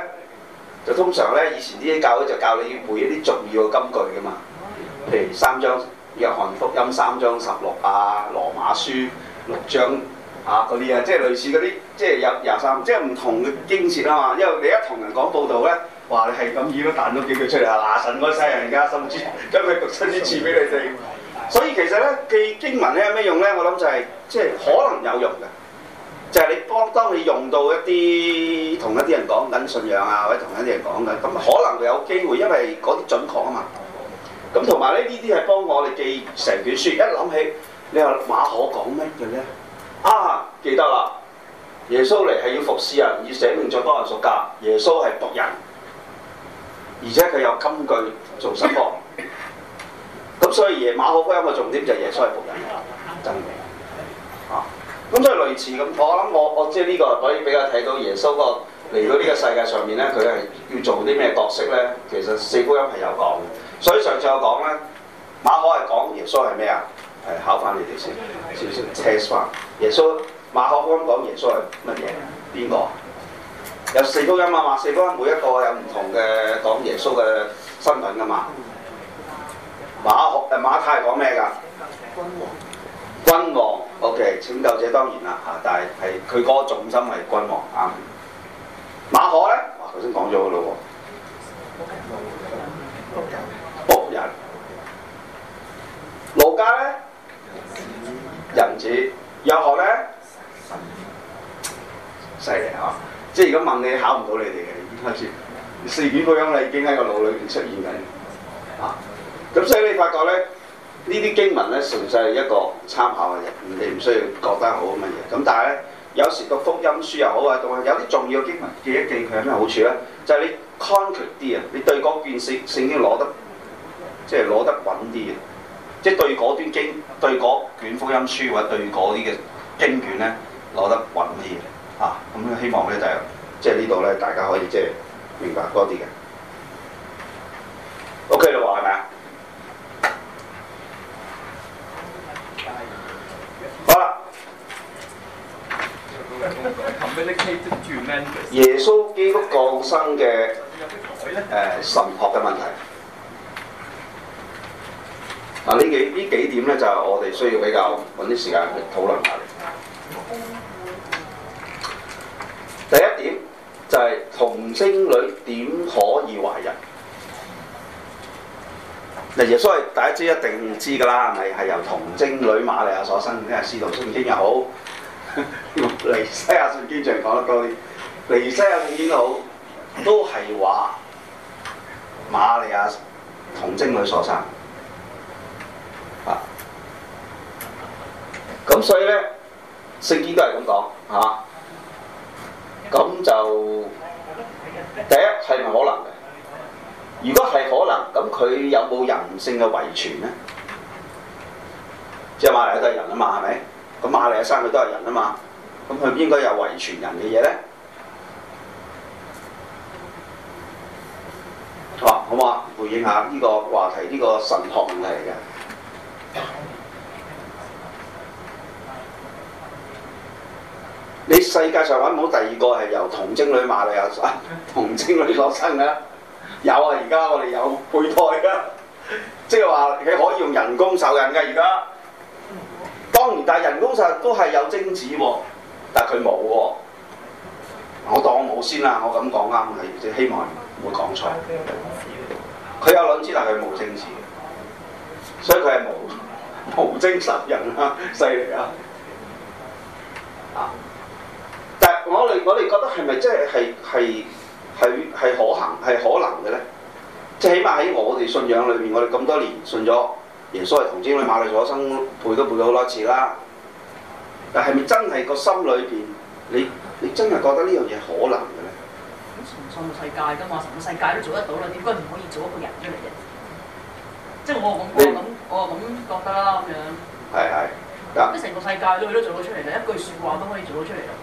S1: 就通常呢，以前啲教會就教你要背一啲重要嘅金句噶嘛，譬如三章約翰福音三章十六啊，羅馬書六章啊嗰啲啊，即係類似嗰啲，即係有廿三，即係唔同嘅經節啊嘛。因為你一同人講報道呢。話你係咁意都彈咗幾句出嚟，嗱、啊、神嗰世人家甚至將佢讀出啲字俾你哋， <music> 所以其實咧記經文咧有咩用咧？我諗就係、是、即係可能有用嘅，就係、是、你幫當你用到一啲同一啲人講緊信仰啊，或者同一啲人講嘅，咁，可能會有機會，因為嗰啲準確啊嘛。咁同埋呢呢啲係幫我哋記成卷書，一諗起你話馬可講乜嘅咧？啊記得啦，耶穌嚟係要服侍人，以生命作多人贖價。耶穌係僕人。而且佢有根據做什麼？咁 <laughs> 所以耶馬可福音嘅重點就係耶穌係僕人，真嘅。啊，咁即係類似咁。我諗我我即係呢個可以比較睇到耶穌個嚟到呢個世界上面咧，佢係要做啲咩角色咧？其實四福音係有講嘅。所以上次我講咧，馬可係講耶穌係咩啊？係考翻你哋先，試唔試？test 翻耶穌。馬可福音講耶穌係乜嘢？邊個？有四福音啊嘛，四福音每一個有唔同嘅講耶穌嘅身份噶嘛。馬可誒馬太係講咩噶？君王。君王，OK，拯救者當然啦嚇，但係係佢個重心係君王啱。馬可咧，頭先講咗佢咯。僕人。路加咧？人子。約翰咧？犀利啊！即係如果問你考唔到你哋嘅，開始四卷福音咧已經喺個腦裏邊出現緊，咁、啊、所以你發覺呢，呢啲經文呢，純粹係一個參考嘅啫，你唔需要覺得好乜嘢。咁但係呢，有時個福音書又好啊，有啲重要嘅經文記一記佢有咩好處呢？就係、是、你 concrete 啲啊，你對嗰卷聖經攞得即係攞得穩啲嘅，即係對嗰段經對嗰卷福音書或者對嗰啲嘅經卷呢，攞得穩啲嘅。啊，咁咧希望咧就即係呢度咧，大家可以即係明白多啲嘅。O K 啦喎，係咪啊？好啦。 <noise> 耶穌基督降生嘅誒、 <noise> 呃、神學嘅問題。啊，呢幾呢幾點咧，就係、是、我哋需要比較搵啲時間去討論下。第一點就係童貞女點可以懷孕？嗱，耶穌係大家知一定知噶啦，係咪？係由童貞女瑪利亞所生。呢個使徒約翰信經又好，尼 <laughs> 西亞信經仲講得多啲。尼西亞信經都好都係話瑪利亞童貞女所生啊。咁所以咧聖經都係咁講嚇。啊咁就第一係唔可能嘅。如果係可能，咁佢有冇人性嘅遺傳呢？即係馬利亞都係人啊嘛，係咪？咁馬利亞生佢都係人啊嘛，咁佢應該有遺傳人嘅嘢咧。好啊，好唔好啊，回應下呢個話題，呢、呢個神學問題嚟嘅。你世界上揾唔到第二個係由同精女馬利亞由同精女所生嘅。有啊！而家我哋有胚胎啊，即係話佢可以用人工受孕嘅而家。當然，但係人工受孕都係有精子喎、啊，但佢冇喎。我當冇先啦，我咁講啱嘅，希望唔會講錯。佢有卵子，但係佢冇精子，所以佢係冇無精受孕啊，犀利啊！啊！.我哋我哋覺得係咪真係係係係可行係可能嘅咧？即、就、係、是、起碼喺我哋信仰裏邊，我哋咁多年信咗耶穌係童貞女馬利亞所生，背都背咗好多次啦。但係咪真係個心裏邊，你你真係覺得呢樣嘢可能嘅咧？咁從信個世界噶嘛，成個世界都做得到啦，點解唔可以做一個人出嚟嘅？即係我咁講，我咁、嗯、我咁覺得啦，咁樣係係咁，成個、啊、世界都
S3: 佢都做到
S1: 出嚟啦，
S3: 一句説話都可以做到出嚟啦。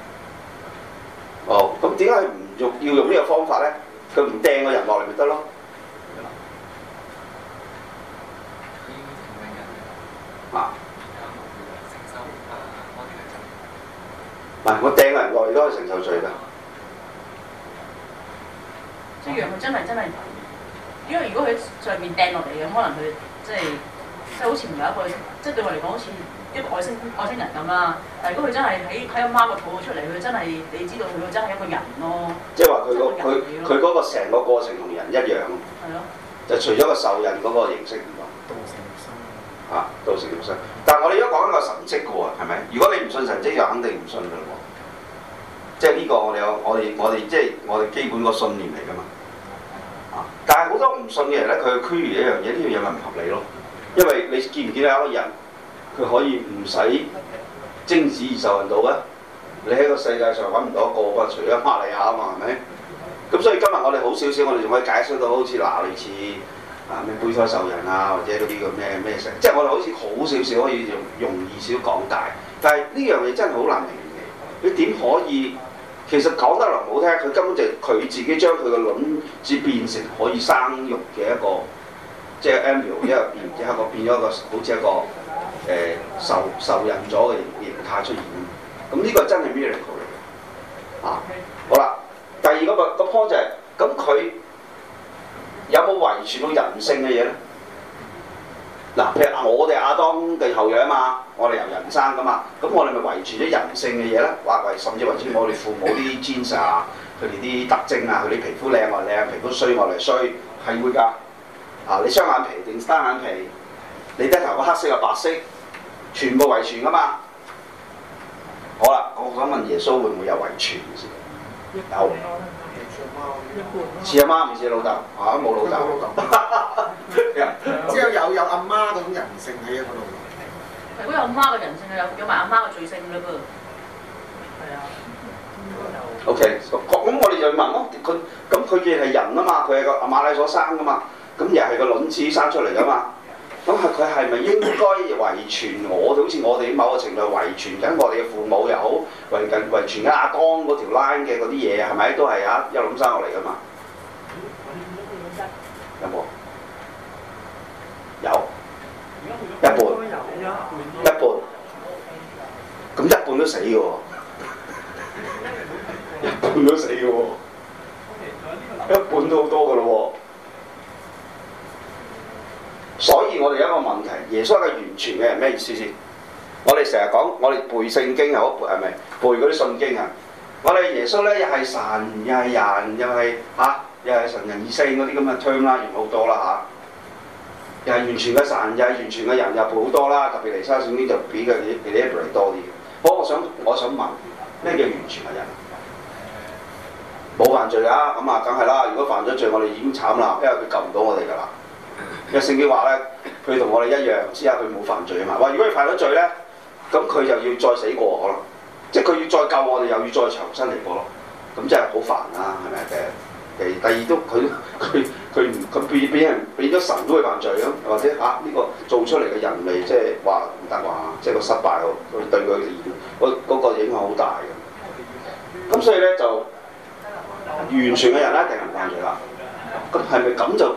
S1: 哦，咁點解唔用要用呢個方法咧？佢唔掟個人落嚟咪得咯？嗯、啊！嗱、嗯、我掟個人落嚟都係承受罪㗎。即係如
S2: 果佢真
S1: 係真係，因為如果佢上面掟落嚟嘅，可能佢即係即係好似唔有一個。
S3: 即係對
S1: 我嚟講，好似一個外星外星人咁啦。如果佢真係喺喺阿媽個肚出嚟，佢真係你知道佢真係一個人咯。即係話佢個佢佢嗰成個過程同人一樣。係咯。就除咗個受孕嗰個形式唔同。道成肉身。啊，道成肉身。但係我哋而家講緊個神蹟嘅喎，係咪？如果你唔信神蹟，就肯定唔信嘅啦喎。即係呢個我哋有我哋我哋即係我哋基本個信念嚟㗎嘛。啊！但係好多唔信嘅人咧，佢區別一樣嘢，呢樣嘢咪唔合理咯。因為你見唔見到有一個人，佢可以唔使精子而受孕到嘅？你喺個世界上揾唔到一個，個除咗馬利亞啊嘛，係咪？咁所以今日我哋好少少，我哋仲可以解釋到好似嗱類似啊咩胚胎受孕啊，或者呢啲咁咩咩食，即係我哋好似好少少可以用容易少講解。但係呢樣嘢真係好難明嘅。你點可以？其實講得嚟唔好聽，佢根本就佢自己將佢個卵子變成可以生育嘅一個。即係 Amiel，因為變咗一個好似一個誒、呃、受受孕咗嘅形態出現，咁、這、呢個真係 miracle 嚟嘅啊！好啦，第二個個 point，咁佢有冇遺傳到人性嘅嘢咧？嗱、啊，譬如我哋亞當嘅後裔啊嘛，我哋由人生噶嘛，咁我哋咪遺傳咗人性嘅嘢咧？或、啊、遺甚至遺傳我哋父母啲 genes 啊，佢哋啲特徵啊，佢哋皮膚靚啊係靚，皮膚衰我係衰，係會㗎。啊！你雙眼皮定單眼皮？你得頭個黑色同白色，全部遺傳噶嘛？好啦，我想問耶穌會唔會有遺傳先？有，似阿媽唔似老豆嚇，冇老豆，即係有有阿媽嗰種人性喺
S3: 一
S1: 個度。如果有阿媽嘅人性有有埋阿媽嘅罪性嘞噃。係、嗯 okay，啊。O K，咁我哋就要問咯，佢咁佢既然係人啊嘛，佢係馬利亞所生噶嘛。咁又係個卵子生出嚟噶嘛？咁佢係咪應該遺傳我？好似我哋某個程度遺傳緊我哋嘅父母又好，遺緊遺傳緊阿江嗰條 line 嘅嗰啲嘢係咪？都係啊，一卵生落嚟噶嘛？有冇？有，一半，一半，咁一半都死嘅喎， <laughs> 一半都死嘅喎，一半都好多嘅咯喎。所以我哋有一個問題，耶穌係個完全嘅人，咩意思先？我哋成日講，我哋背聖經又好，背係咪背嗰啲信經啊？我哋耶穌呢，又係神，又係人，又係嚇、啊，又係神人二性嗰啲咁嘅 term 啦，好多啦嚇。又係完全嘅神，又係完全嘅人，又好多啦。特別嚟查聖經就比佢比啲 e v 多啲嘅。我想我想問咩叫完全嘅人？冇犯罪啊，咁啊梗係啦。如果犯咗罪，我哋已經慘啦，因為佢救唔到我哋噶啦。有為聖經話咧，佢同我哋一樣，知啦佢冇犯罪啊嘛。話如果佢犯咗罪呢，咁佢就要再死過我咯，即係佢要再救我哋，又要再重新嚟過咯。咁真係好煩啊，係咪誒？第二都佢佢佢唔，佢俾人俾咗神都會犯罪咁，或者啊呢、呢個做出嚟嘅人嚟，即係話唔得話，即係個失敗，佢對佢連嗰個影響好大嘅。咁所以呢，就完全嘅人咧、啊、一定唔犯罪啦。咁係咪咁就？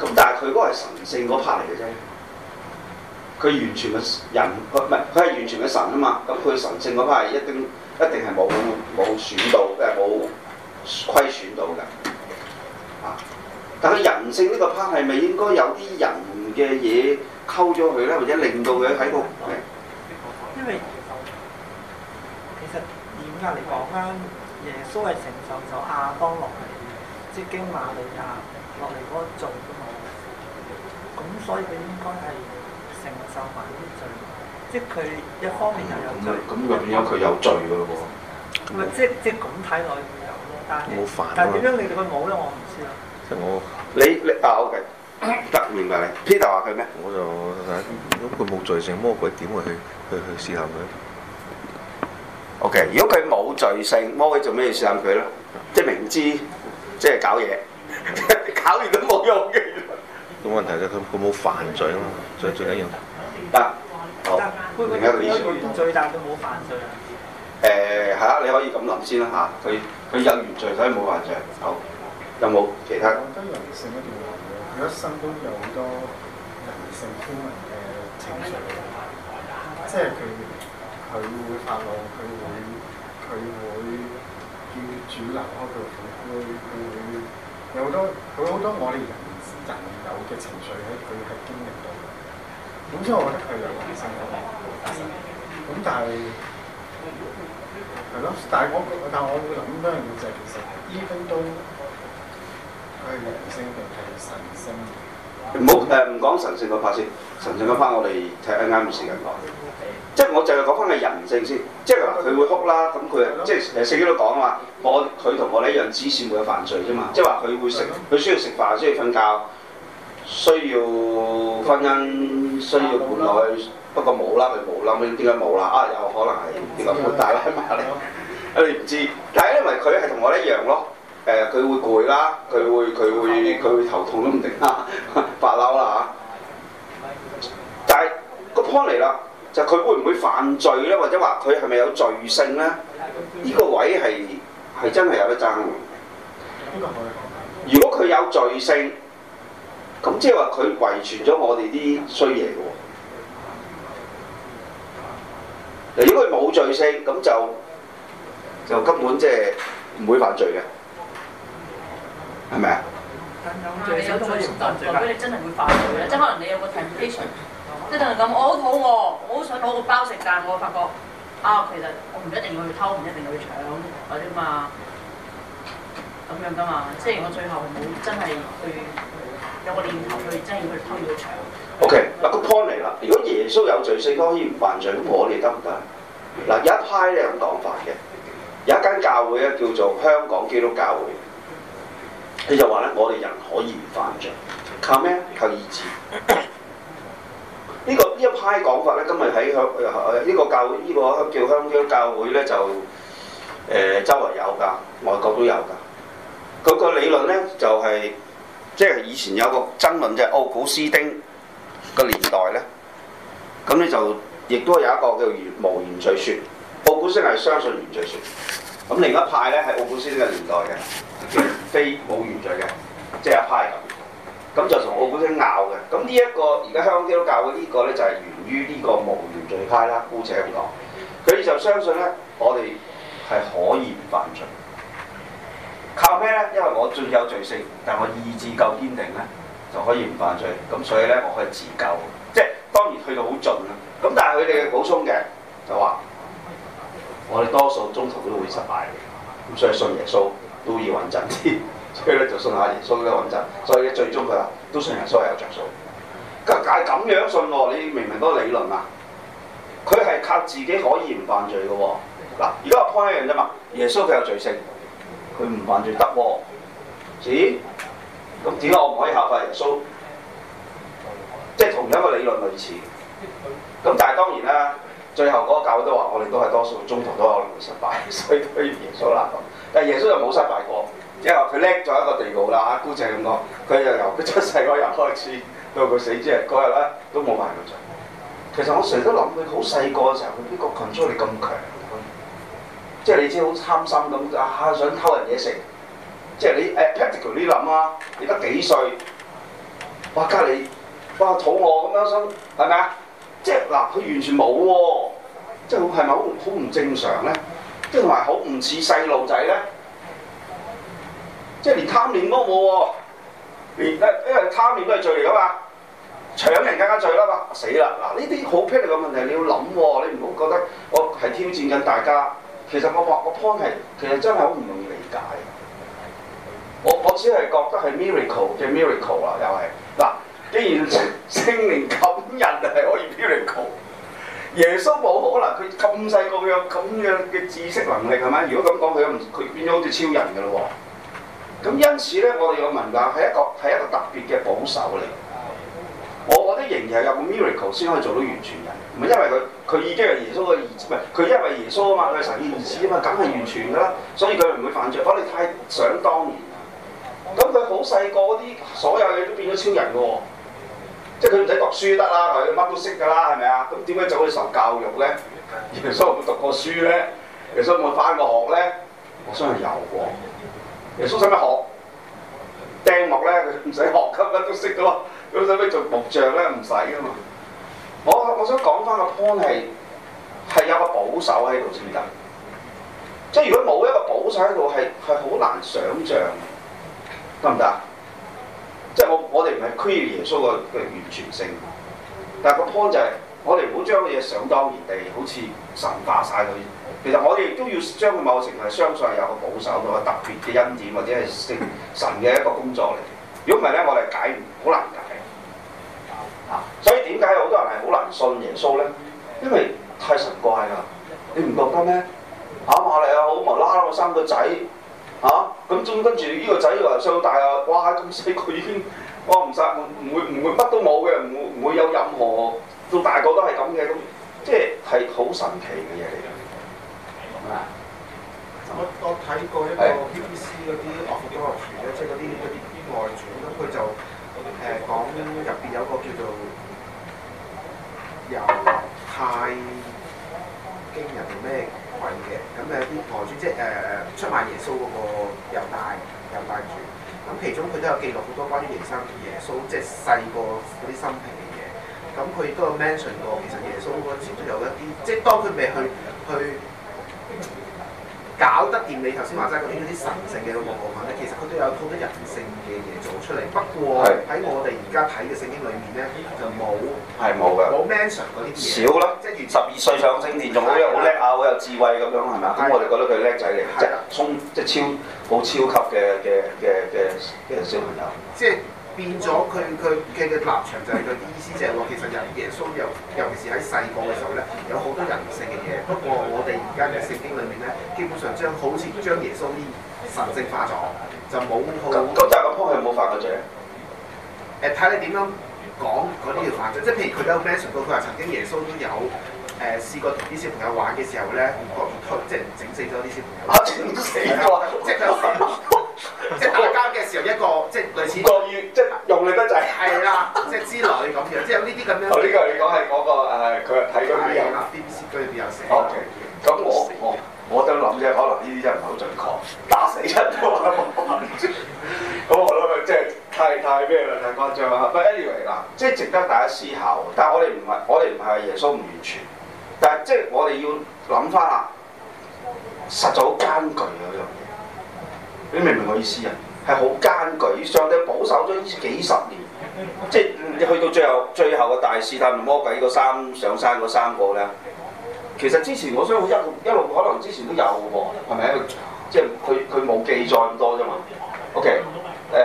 S1: 咁但係佢嗰個係神性嗰 part 嚟嘅啫，佢完全嘅人，佢唔係佢係完全嘅神啊嘛。咁佢神性嗰 part 係一定一定係冇冇損到，即冇虧損到㗎。啊，咁人性呢個 part 係咪應該有啲人嘅嘢溝咗佢咧，或者令到佢喺度？因為其實嚴格嚟講咧，耶穌係承受咗亞當落嚟，即經
S2: 瑪利亞落嚟嗰個咁所以佢應該係承受埋啲罪，罪，即係
S1: 佢一方面又有罪。咁咁咁，又佢有罪嘅喎？唔係即即咁睇落來，有咯。但係、啊、但係點樣你哋佢冇咧？我唔知咯。即我你你啊 OK 得明白你 Peter 話佢咩？我就如果佢冇罪性，魔鬼點會去去去試探佢？OK，如果佢冇罪性，魔鬼做咩要試探佢咧？Okay, うう即明知即係搞嘢，搞完都冇用嘅。 <laughs>
S2: 個問題咧，佢佢冇犯罪啊嘛，最最緊要得，
S1: 好。佢佢有原罪，但佢冇犯罪。誒，係啊、呃，你可以咁諗先啦嚇。佢佢有原罪，所以冇犯罪。好，有冇其他？我覺得人性一定
S2: 有嘅，佢一生都有好多人性悲憤嘅情緒，嗯、即係佢佢會發怒，佢會佢會要展露開佢，會會，會有好多佢好多我哋人，有嘅情緒
S1: 喺佢嘅經歷度，咁所以我覺得佢有人性嘅，咁但係係咯，但係我但係我，我會諗咧，就係其實 even 都佢係人性定係神性？唔好誒，唔、呃、講神性嘅 part 先，神性嘅 part 我哋睇下啱嘅時間講，即係我就係講翻嘅人性先，即係嗱，佢會哭啦，咁佢的的即係誒四哥都講啊嘛，我佢同我哋一樣，只是冇有犯罪啫嘛，即係話佢會食，佢的需要食飯，需要瞓覺。需要婚姻，需要伴侶，不過冇啦，佢冇諗，點解冇啦？啊，有可能係點解咁大啦嘛？ <laughs> 你你唔知，但係因為佢係同我一樣咯。誒、呃，佢會攰啦，佢會佢會佢會，會，會頭痛都唔定啦，發嬲啦嚇！但係、個 point 嚟啦，就佢、係、會唔會犯罪咧？或者話佢係咪有罪性咧？呢、呢個位係係真係有得爭。如
S2: 果
S1: 佢有罪性？咁即係話佢遺傳咗我哋啲衰嘢嘅喎。如果佢冇罪性，咁就就根本即係唔會犯罪嘅，係咪啊？咁有如果你真係會犯罪咧，即係可能你
S3: 有個 temptation，即係就係咁，我好肚餓，我好想攞個包食㗎，但我發覺啊，其實我唔一定要去偷，唔一定要去搶，或者嘛咁樣㗎嘛，即係我最後冇真係去。
S1: 我哋要投佢，真要佢偷要搶。O K. 嗱個 point 嚟啦，如果耶穌有罪，四經可以唔犯罪，咁我哋得唔得？嗱有一派咧咁講法嘅，有一間教會咧叫做香港基督教會，佢就話咧我哋人可以唔犯罪，靠咩？靠意志。呢個呢一派講法咧，今日喺香呢個教會呢個叫香港教會咧就誒周圍有㗎，外國都有㗎。嗰個理論咧就係。即係以前有個爭論就係、是、奧古斯丁個年代咧，咁咧就亦都有一個叫無原罪説，奧古斯丁係相信原罪説，咁另一派咧係奧古斯丁嘅年代嘅非冇原罪嘅，即係一派咁，咁就同奧古斯丁拗嘅，咁呢一個而家香港基督教嘅呢個咧就係源於呢個無原罪派啦，姑且咁講，佢就相信咧我哋係可以唔犯罪。靠咩咧？因為我最有罪性，但我意志夠堅定咧，就可以唔犯罪。咁所以咧，我可以自救。即係當然去到好盡啦。咁但係佢哋嘅補充嘅就話：我哋多數中途都會失敗嘅。咁所以信耶穌都要穩陣啲。所以咧就信下耶穌都穩陣。所以最終佢話都信耶穌係有著數。咁解咁樣信喎？你明明嗰個理論啊，佢係靠自己可以唔犯罪嘅喎。嗱，而家我開一樣啫嘛。耶穌佢有罪性。佢唔犯罪得喎，咦？咁點解我唔可以效、啊、法耶穌？即係同樣一個理論類似。咁但係當然啦，最後嗰個教會都話，我哋都係多數中途都可能會失敗，所以推唔耶穌啦。但係耶穌就冇失敗過，因為佢叻咗一個地步啦。阿姑姐咁講，佢就由佢出世嗰日開始到佢死之日嗰日咧，都冇犯過罪。
S2: 其實我成日都諗，佢好細個
S1: 嘅時候，佢邊個控制力咁強？即係你知好貪心咁啊！想偷人嘢食，即係你誒、啊、practical 啲諗啊！你得幾歲？哇！家下你哇肚餓咁樣心，係咪啊？即係嗱，佢完全冇喎，即係好係咪好好唔正常咧？即係同埋好唔似細路仔咧，即係連貪念都冇喎，連誒、啊、因為貪念都係罪嚟噶嘛，搶人更加罪啦嘛、啊，死啦！嗱呢啲好 practical 嘅問題你要諗喎、啊，你唔好覺得我係挑戰緊大家。其實我話個 point 係，其實真係好唔容易理解我。我我只係覺得係 miracle 嘅 miracle 啦，又係嗱。既然青年咁人係可以 miracle，耶穌冇可能佢咁細個，佢有咁樣嘅知識能力係咪？如果咁講，佢唔佢變咗好似超人㗎咯喎。咁因此咧，我哋要問㗎，係一個係一個特別嘅保守嚟。我覺得仍然係有個 miracle 先可以做到完全人。因為佢，佢已經係耶穌嘅兒子，唔係佢因為耶穌啊嘛，佢係神嘅兒子啊嘛，梗係完全噶啦，所以佢唔會犯罪。我你太想當然。咁佢好細個嗰啲，所有嘢都變咗超人㗎喎、哦，即係佢唔使讀書得啦，佢乜都識㗎啦，係咪啊？咁點解仲要受教育咧？耶穌有冇讀過書咧？耶穌有冇翻過學咧？我相信有過。耶穌使乜學？釘木咧，佢唔使學級乜都識㗎嘛。咁使乜做木匠咧？唔使㗎嘛。我我想講返個 point 係係有個保守喺度先得，即係如果冇一個保守喺度，係係好難想像，得唔得？即係我我哋唔係區別耶穌嘅嘅完全性，但係個 point 就係、是、我哋唔好將嘢想當然地，好似神化晒佢。其實我哋都要將佢某程度係相信有個保守，有個特別嘅恩典，或者係神嘅一個工作嚟。如果唔係咧，我哋解唔好難解。啊，所以點解？好難信耶穌咧，因為太神怪啦，你唔覺得咩？阿瑪利亞，好無啦啦我生個仔，嚇咁仲跟住呢個仔由細到大啊，哇！咁細佢已經，我唔使唔會唔會乜都冇嘅，唔會唔會有任何到大個都係咁嘅，即係係好神奇嘅嘢嚟嘅。係啦，我我睇過一個 BBC 嗰啲惡魔傳咧，即係嗰啲啲外傳咁，佢就誒講入邊有
S2: 個叫做。又太驚人咩鬼嘅，咁有啲台主即係誒出賣耶穌嗰個猶大猶大主，咁其中佢都有記錄好多關於耶穌，耶穌 <music> 即係細個嗰啲生平嘅嘢，咁佢都有 mention 過，其實耶穌嗰陣時都有一啲，即係當佢未去去。搞得掂你頭先話齋嗰啲神性嘅嗰個部分
S1: 咧，其實佢都有好多人性嘅嘢做出嚟。不過喺是我哋而家睇嘅聖經裡面咧，就冇係冇嘅冇 mention 啲嘢少啦。了即係十二歲上聖殿，仲好的有好叻啊，好有智慧咁樣，係咪啊？咁的我哋覺得佢叻仔嚟，即係充即係超好超級嘅嘅嘅嘅
S2: 嘅小朋友。即係。變咗佢佢佢嘅立場就係個意思，就係話其實人耶穌又尤其是喺細個嘅時候咧，有好多人性嘅嘢。不過我哋而家嘅聖經裏面咧，基本上將好似將耶穌啲神聖化咗，就冇好。
S1: 咁摘個樖又冇犯個罪。
S2: 誒，睇你點樣講講呢條犯，即係譬如佢都有 mention 到，佢話曾經耶穌都有誒試過同啲小朋友玩嘅時候咧，唔覺即係整死咗啲小朋友。整死即 <laughs> 死了 <laughs> 即係打交嘅時候，一個即係類似國語，即係用力得滯。係啦，即係之類咁樣，即係呢啲咁樣。呢個你講
S1: 係講個，佢係睇到邊有啊？咁我我我都諗啫，可能呢啲真係唔係好準確。打死人喎！咁我諗係真係太太咩啦？太骯髒誇張啦！But anyway，嗱，即係值得大家思考。但係我哋唔係，我哋唔係耶穌唔完全，但係即係我哋要諗翻啦，實在好艱巨嗰樣。你明唔明我意思啊？係好艱巨，上帝保守咗呢幾十年，即係你去到最後最後嘅大試探，魔鬼嗰三上山嗰三個咧，其實之前我相信一路一路可能之前都有喎，係咪？即係佢佢冇記載咁多啫嘛。OK，誒、呃，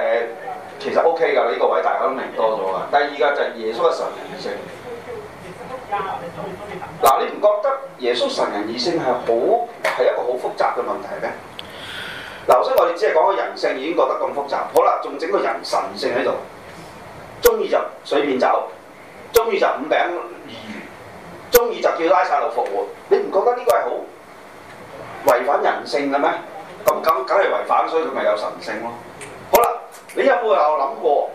S1: 其實 OK 㗎呢、這個位大家都明多咗㗎。第二個就係耶穌嘅神人二性。嗱，你唔覺得耶穌神人二性係好係一個好複雜嘅問題咩？所以、啊、我哋只係講人性已經覺得咁複雜，好啦，仲整個人神性喺度，鍾意就隨便走，鍾意就五餅二魚，鍾意就叫拉撒路復活，你唔覺得呢個係好違反人性嘅咩？咁咁梗係違反，所以佢咪有神性咯。好啦，你有冇諗過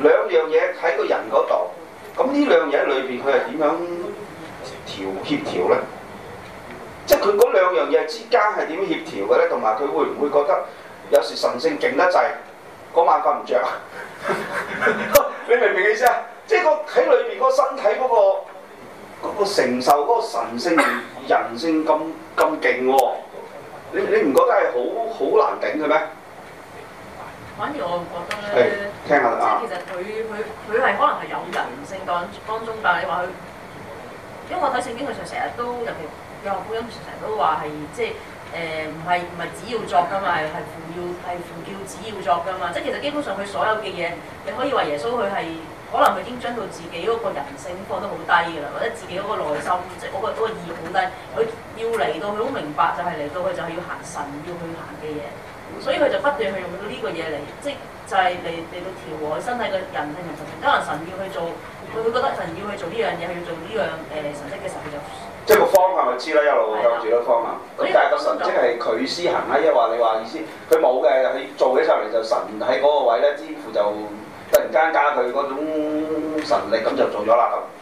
S1: 兩樣嘢喺個人嗰度？咁呢兩樣嘢裏面，佢係點樣調協調呢？即係佢嗰兩樣嘢之間係點協調嘅咧？同埋佢會唔會覺得有時神性勁得滯，嗰晚瞓唔着？ <laughs> 你明唔明意思啊？即係個喺裏邊嗰個身體嗰個嗰個承受嗰個神性人性咁咁勁喎？你你唔覺得係好好難頂嘅咩？反而我唔覺得咧，聽下即係其實佢佢佢係可能係有人性當中當中，
S3: 但係你話佢，因為我睇聖經佢就成日都入又福音成日都話係即係誒，唔係唔係子要作噶嘛，係係父要係父叫子要作噶嘛。即係其實基本上佢所有嘅嘢，你可以話耶穌佢係可能佢已經將到自己嗰個人性放得好低噶啦，或者自己嗰個內心即係嗰個嗰個意義好低。佢要嚟到，佢好明白就係嚟到，佢就係要行神要去行嘅嘢。所以佢就不斷去用到呢個嘢嚟，即就係嚟嚟到調和身體嘅人性同神性。可能神要去做，佢會覺得神要去做呢樣嘢，佢要做呢樣誒神蹟
S1: 嘅時候，佢就。即係個方向我知啦，一路向住個方向。咁的但係個神跡係佢施行啦，即係話你話意思，佢冇嘅，佢做起上嚟就神喺嗰個位咧，似乎就突然間加佢嗰種神力，咁就做咗啦。咁。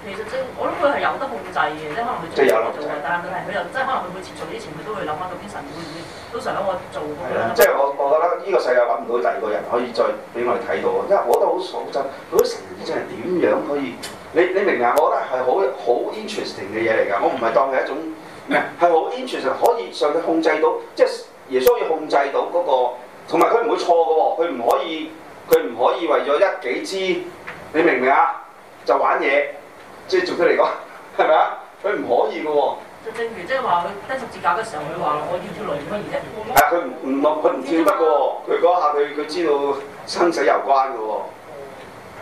S3: 其實即我諗佢係有得控制嘅，即可能佢做嘅，有但
S1: 係佢又即係可能佢每次做之前，佢都會諗下到天神會唔會都想我做咁樣。即係我，我覺得呢個世界揾唔到第二個人可以再俾我哋睇到。因為我都好想真，嗰個神真係點樣可以？你你明唔明啊？我覺得係好好 interesting 嘅嘢嚟㗎。我唔係當係一種係好 interesting，可以上去控制到，即係耶穌可以控制到嗰個，同埋佢唔會錯嘅喎。佢唔可以，佢唔可以為咗一己之，你明唔明啊？就玩嘢。即係總體嚟講，係咪啊？佢唔可以嘅喎、哦。就正如即係話佢
S3: 低十字
S1: 架嘅時候，佢話我要跳落去乜嘢啫？係啊，佢唔佢唔跳得嘅喎、哦。佢嗰下佢佢知道生死有關嘅喎、哦。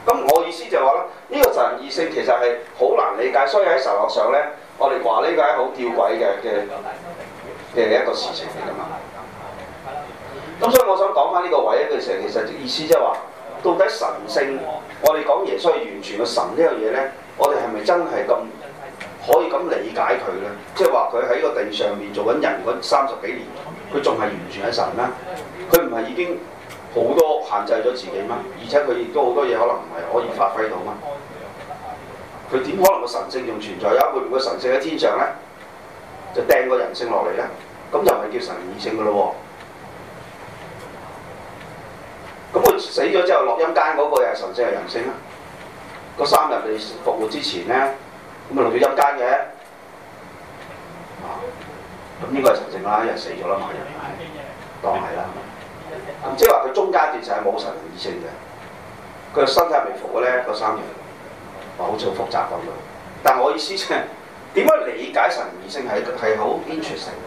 S1: 咁我意思就係話咧，呢、呢個神義性其實係好難理解，所以喺神學上咧，我哋話呢個係好吊詭嘅嘅嘅一個事情嚟㗎嘛。咁所以我想講翻呢個位一句嘅時候，其實意思即係話，到底神性，我哋講耶穌係完全嘅神個呢樣嘢咧？我哋係咪真係咁可以咁理解佢呢？即係話佢喺個地上面做緊人嗰三十幾年，佢仲係完全係神咩？佢唔係已經好多限制咗自己咩？而且佢亦都好多嘢可能唔係可以發揮到咩？佢點可能個神性仲存在啊？會唔會神性喺天上呢，就掟個人性落嚟呢，咁就唔係叫神異性噶咯喎？咁佢死咗之後落陰間嗰個又係神性係人性啊？嗰三日你復活之前咧，咁咪落咗陰間嘅，咁呢個係神聖啦，一人死咗啦，嘛。人係當係啦。即係話佢中間段就係冇神異性嘅，佢身體未復嘅咧嗰三日，話好似好複雜咁樣。但我意思即係點樣理解神異性係係好 interesting？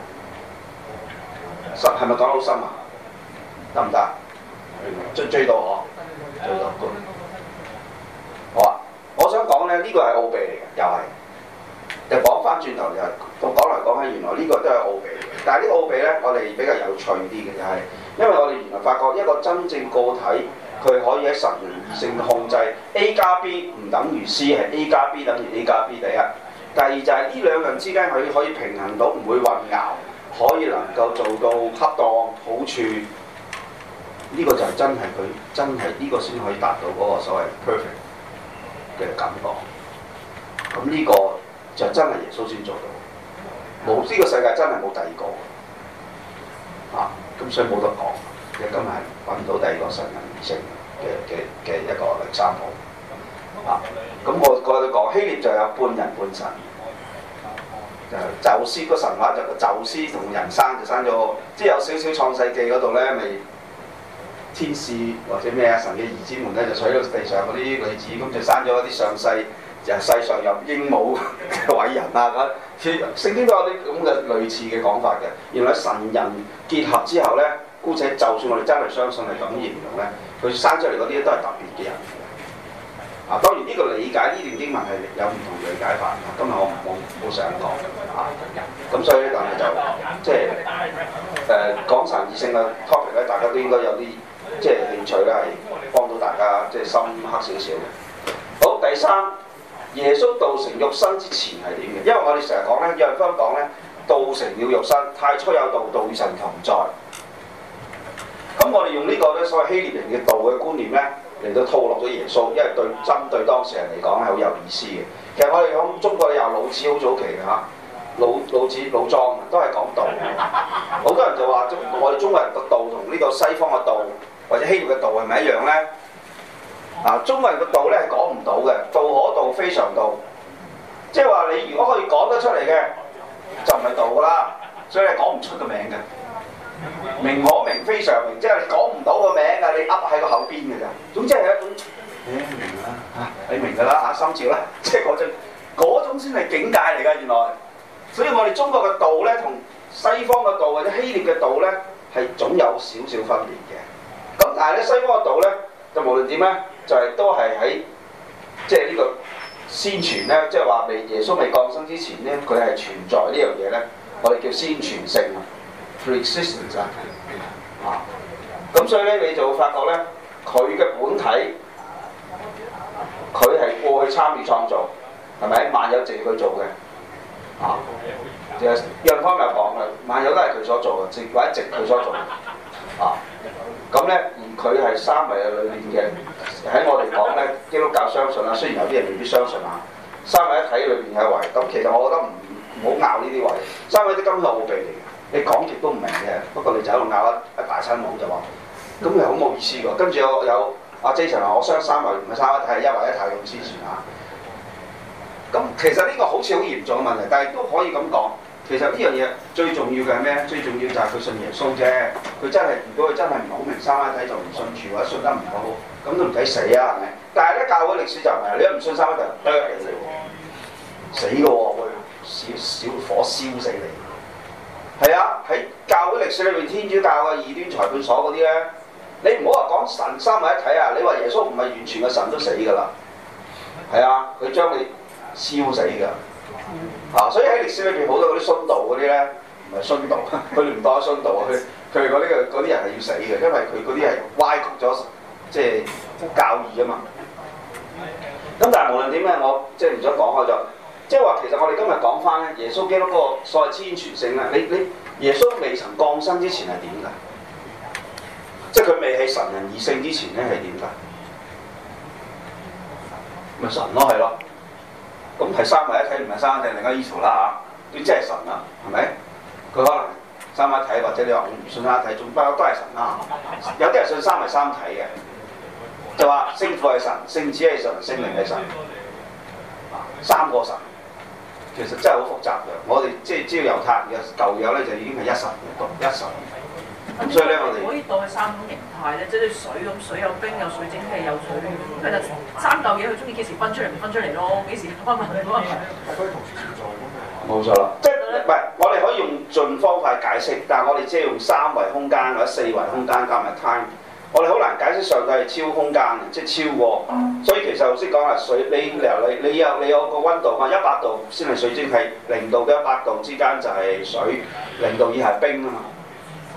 S1: 深係咪講得好深啊？得唔得？追追到我，追到。呢個係奧秘嚟嘅，又係。就講翻轉頭又，我講嚟講去原來呢個都係奧秘嚟嘅。但係呢個奧秘呢，我哋比較有趣啲嘅就係，因為我哋原來發覺一個真正個體，佢可以喺神性控制 A 加 B 唔等於 C，係 A 加 B 等於 A 加 B 第一。第二就係呢兩樣之間佢可以平衡到唔會混淆，可以能夠做到恰當好處。呢、這個就係真係佢真係呢個先可以達到嗰個所謂 perfect 嘅感覺。咁呢個就真係耶穌先做到，冇、這、呢個世界真係冇第二個㗎，啊，咁所以冇得講，亦都係揾唔到第二個神人證嘅嘅嘅一個第三個，咁、啊、我嗰日都講希臘就有半人半神，就宙、是、斯個神話就宙斯同人生就生咗，即係有少少創世記嗰度呢，咪天使或者咩啊神嘅兒子們呢，就娶咗地上嗰啲女子，咁就生咗一啲上世。就世上有英武嘅偉人啊咁，聖經都有啲咁嘅類似嘅講法嘅。原來神人結合之後呢，姑且就算我哋真係相信係咁形容呢，佢生出嚟嗰啲都係特別嘅人。啊，當然呢個理解呢段經文係有唔同嘅解法，今日我冇冇上堂，咁所以但係就即係誒、呃、講神異性嘅 topic 咧，大家都應該有啲即係興趣啦，係幫到大家即係深刻少少。好，第三。耶穌道成肉身之前係點嘅？因為我哋成日講呢，有人講呢，「道成了肉身，太初有道，道與神同在。咁我哋用個呢個呢所謂希臘人嘅道嘅觀念呢，嚟到套落咗耶穌，因為對針對當時人嚟講係好有意思嘅。其實我哋講中國又老子好早期嘅嚇，老老子老莊都係講道。好多人就話，我哋中國人個道同呢個西方個道或者希臘個道係咪一樣呢？啊！中國人嘅道咧係講唔到嘅，道可道非常道，即係話你如果可以講得出嚟嘅，就唔係道噶啦，所以你講唔出個名嘅，名可名非常名，就是、說你說名，即係講唔到個名㗎，你噏喺個後邊嘅咋，總之係一種
S2: 你明啦，嚇你明
S1: 㗎啦嚇，心照啦，即係嗰種嗰種先係境界嚟㗎原來，所以我哋中國嘅道咧同西方嘅道或者希臘嘅道咧係總有少少分別嘅，咁但係咧西方嘅道咧。就無論點、就係就係、呢，就係都係喺即係呢個先存呢，即係話未耶穌未降生之前呢，佢係存在呢樣嘢呢，我哋叫先存性 preexistence 啊，咁所以呢，你就會發覺呢，佢嘅本體，佢係過去參與創造，係咪萬有藉佢做嘅？啊，楊楊方又講啦，萬有都係佢所做嘅，藉藉佢所做啊。咁咧，佢係三位嘅裏面嘅，喺我哋講咧，基督教相信啦，雖然有啲人未必相信啊。三位一體裏面係位，咁其實我覺得唔好拗呢啲位，三位啲根本係奧秘嚟嘅，你講極都唔明嘅。不過你就喺度拗一大餐網就話，咁係好冇意思嘅。跟住、啊、我有阿 Jason 話我相三位唔係三位，係一位一體咁之處啊。咁其實呢個好似好嚴重嘅問題，但係都可以咁講。其實呢樣嘢最重要嘅係咩？最重要就係佢信耶穌啫。佢真係，如果佢真係唔係好明三一體，就唔信主或者信得唔好，咁都唔使死啊，係咪？但係咧，教會歷史就唔係，你一唔信三一體就剁死，死個㗎，會小小火燒死你。係啊，喺教會歷史裏面，天主教嘅異端裁判所嗰啲咧，你唔好話講神三一體啊！你話耶穌唔係完全嘅神都死㗎啦，係啊，佢將你燒死㗎。啊！所以喺歷史裏邊好多嗰啲殉道嗰啲呢，唔係殉道，佢哋唔當佢殉道，佢哋講呢嗰啲人係要死嘅，因為佢嗰啲係歪曲咗即係教義啊嘛。咁但係無論點呢，我即係唔想講開咗。即係話其實我哋今日講返咧，耶穌基督個所謂千全性咧，你你耶穌未曾降生之前係點㗎？即係佢未係神人二性之前呢係點㗎？咪神咯，啊，係咯。咁係三位一體唔係三體，係另一條啦嚇。呢啲真係神啊，係咪？佢可能三位一體，或者你話唔信三位一體，總不都係神啦。有啲人信三位三體嘅，就話聖父係神，聖子係神，聖靈係神，三個神。其實真係好複雜嘅。我哋即係知道猶太嘅舊約咧，就已經係一神獨一神。所以咧，我哋可以當
S3: 佢三種形態咧，即係水咁，水有冰，有水蒸氣，有水，其實三嚿嘢
S1: 佢中意幾時分出嚟，咪分出嚟咯？幾時分佢？啊？可以同時做咁。冇錯啦，即係唔係？我哋可以用盡方法解釋，但係我哋即係用三維空間或者四維空間加埋 time。我哋好難解釋上帝係超空間即係超過。所以其實即係講係水，你你你你有你有個温度嘛？一百度先係水蒸氣，零度嘅一百度之間就係水，零度以下係冰啊嘛。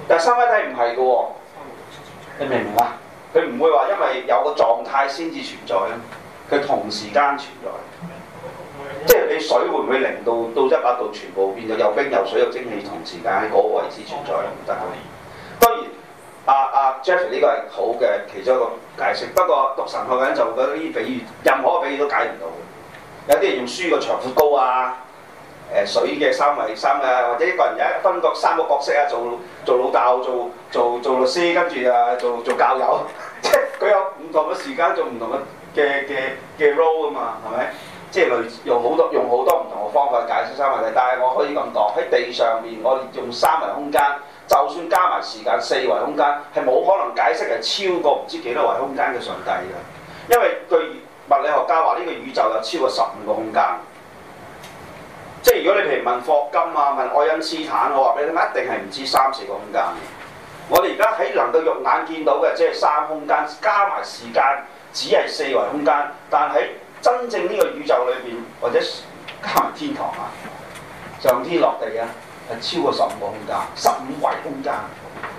S1: 但係三位一體唔係嘅喎，你明唔明啊？佢唔會話因為有個狀態先至存在咯，佢同時間存在。即係你水會唔會零到到一百度全部變咗有冰有水有蒸氣同時間喺嗰個位置存在唔得嘅。當然，阿、啊、阿、啊、Jeffrey 呢個係好嘅其中一個解釋。不過讀神學嘅人就會覺得呢比喻任何比喻都解唔到。有啲人用書嘅長闊高啊。水嘅三維三啊，或者一個人有一分角三個角色啊，做做老竇，做做做律師，跟住啊做做教友，即係佢有唔同嘅時間做唔同嘅嘅嘅 role 啊嘛，係咪？即係類用好多用好多唔同嘅方法解釋三維，但係我可以咁講喺地上面，我用三維空間，就算加埋時間四維空間，係冇可能解釋係超過唔知幾多維空間嘅上帝嘅，因為據物理學家話呢個宇宙有超過十五個空間。即係如果你譬如問霍金啊，問愛因斯坦，我話俾你聽，一定係唔止三、四個空間嘅。我哋而家喺能夠肉眼見到嘅，即係三空間加埋時間，只係四維空間。但喺真正呢個宇宙裏邊，或者加埋天堂啊、上天落地啊，係超過十五個空間，十五維空間。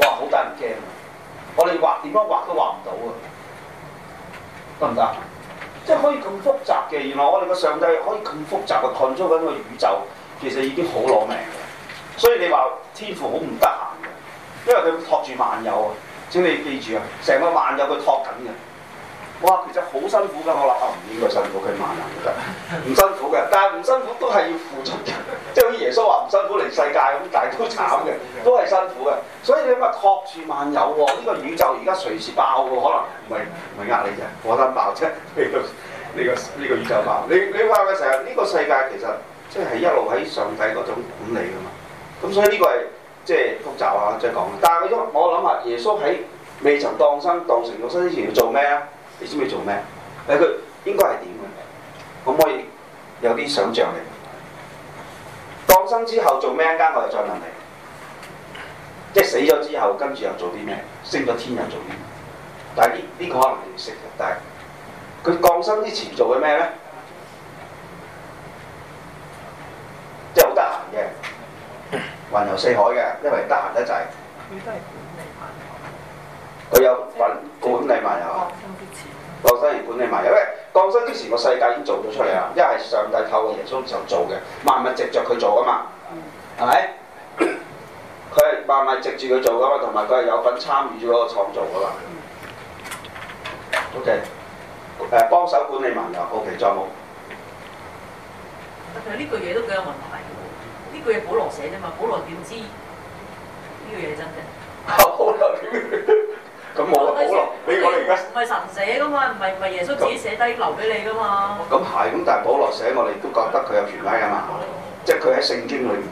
S1: 哇！好得人驚啊！我哋畫點樣畫都畫唔到啊！得唔得？即係可以咁複雜嘅，原來我哋個上帝可以咁複雜嘅探索緊個宇宙，其實已經好攞命嘅。所以你話天父好唔得閒嘅，因為佢會托住萬有啊。請你記住啊，成個萬有佢托緊嘅。嘩，其實好辛苦㗎，我諗啊唔應該辛苦，佢萬能㗎，唔辛苦嘅。但係唔辛苦都係要付出嘅，即係好似耶穌話唔辛苦嚟世界咁，但係都慘嘅，都係辛苦嘅。所以你話託住萬有喎，呢個宇宙而家隨時爆㗎，可能唔係唔係呃你啫，我擔心爆啫。譬如呢個呢個呢個宇宙爆，你你話嘅時候，呢個世界其實即係一路喺上帝嗰種管理㗎嘛。咁所以呢個係即係複雜啊，即係講。但係我諗下耶穌喺未曾當生當成肉身之前要做咩啊？你知唔知做咩？誒，佢應該係點嘅？可唔可以有啲想像力？降生之後做咩？間我哋再問你。即係死咗之後，跟住又做啲咩？升咗天又做啲咩？但係呢呢個可能你要識嘅。但係佢降生之前做嘅咩咧？即係好得閒嘅，雲遊四海嘅，因為得閒得滯、就
S2: 是。佢都係管理
S1: 佢有份管理埋，有啊！降生之前，降生之前個世界已經做咗出嚟啦。一係上帝透過耶穌就做嘅，萬物藉着佢做噶嘛，係咪？佢係萬物藉著佢做噶嘛，同埋佢係有份參與咗個創造噶嘛。嗯、O.K. 誒，幫手管理埋，有，後期任務。其實呢句嘢都幾有問題。呢句嘢保羅寫啫嘛，保羅點知呢句嘢真嘅？保羅點咁冇保咯羅，你講你而
S3: 唔係神寫噶嘛？唔係唔係耶穌自己寫低留俾你噶嘛？
S1: 咁係，咁但係保羅寫，我哋都覺得佢有權威啊嘛，了即係佢喺聖經裏面。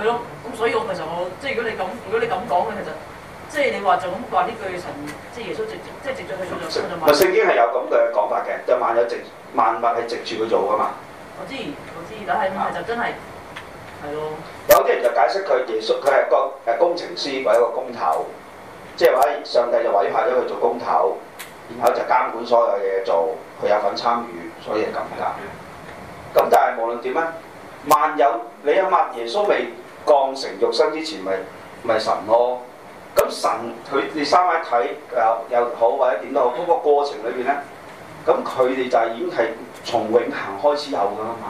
S1: 係咯，咁所以我其實我，即係如果你咁，如果你咁講嘅其實，即係你話就咁話呢句神，即
S3: 係耶穌直，即係直著去做
S1: 就。咪聖經係有咁嘅講法嘅，就萬有直，萬物係直住佢做噶嘛。我知，我知，但係唔係就真係，係咯的。了有啲人就解釋佢耶穌，佢係個係工程師或者個工頭。即係話上帝就委派咗佢做公頭，然後就監管所有嘢做，佢有份參與，所以係咁噶。咁但係無論點咧，萬有你諗下耶穌未降成肉身之前，咪咪神咯。咁神佢哋三位一體又又好或者點都好，嗰、嗰個過程裏邊呢，咁佢哋就已經係從永恆開始有噶啦嘛。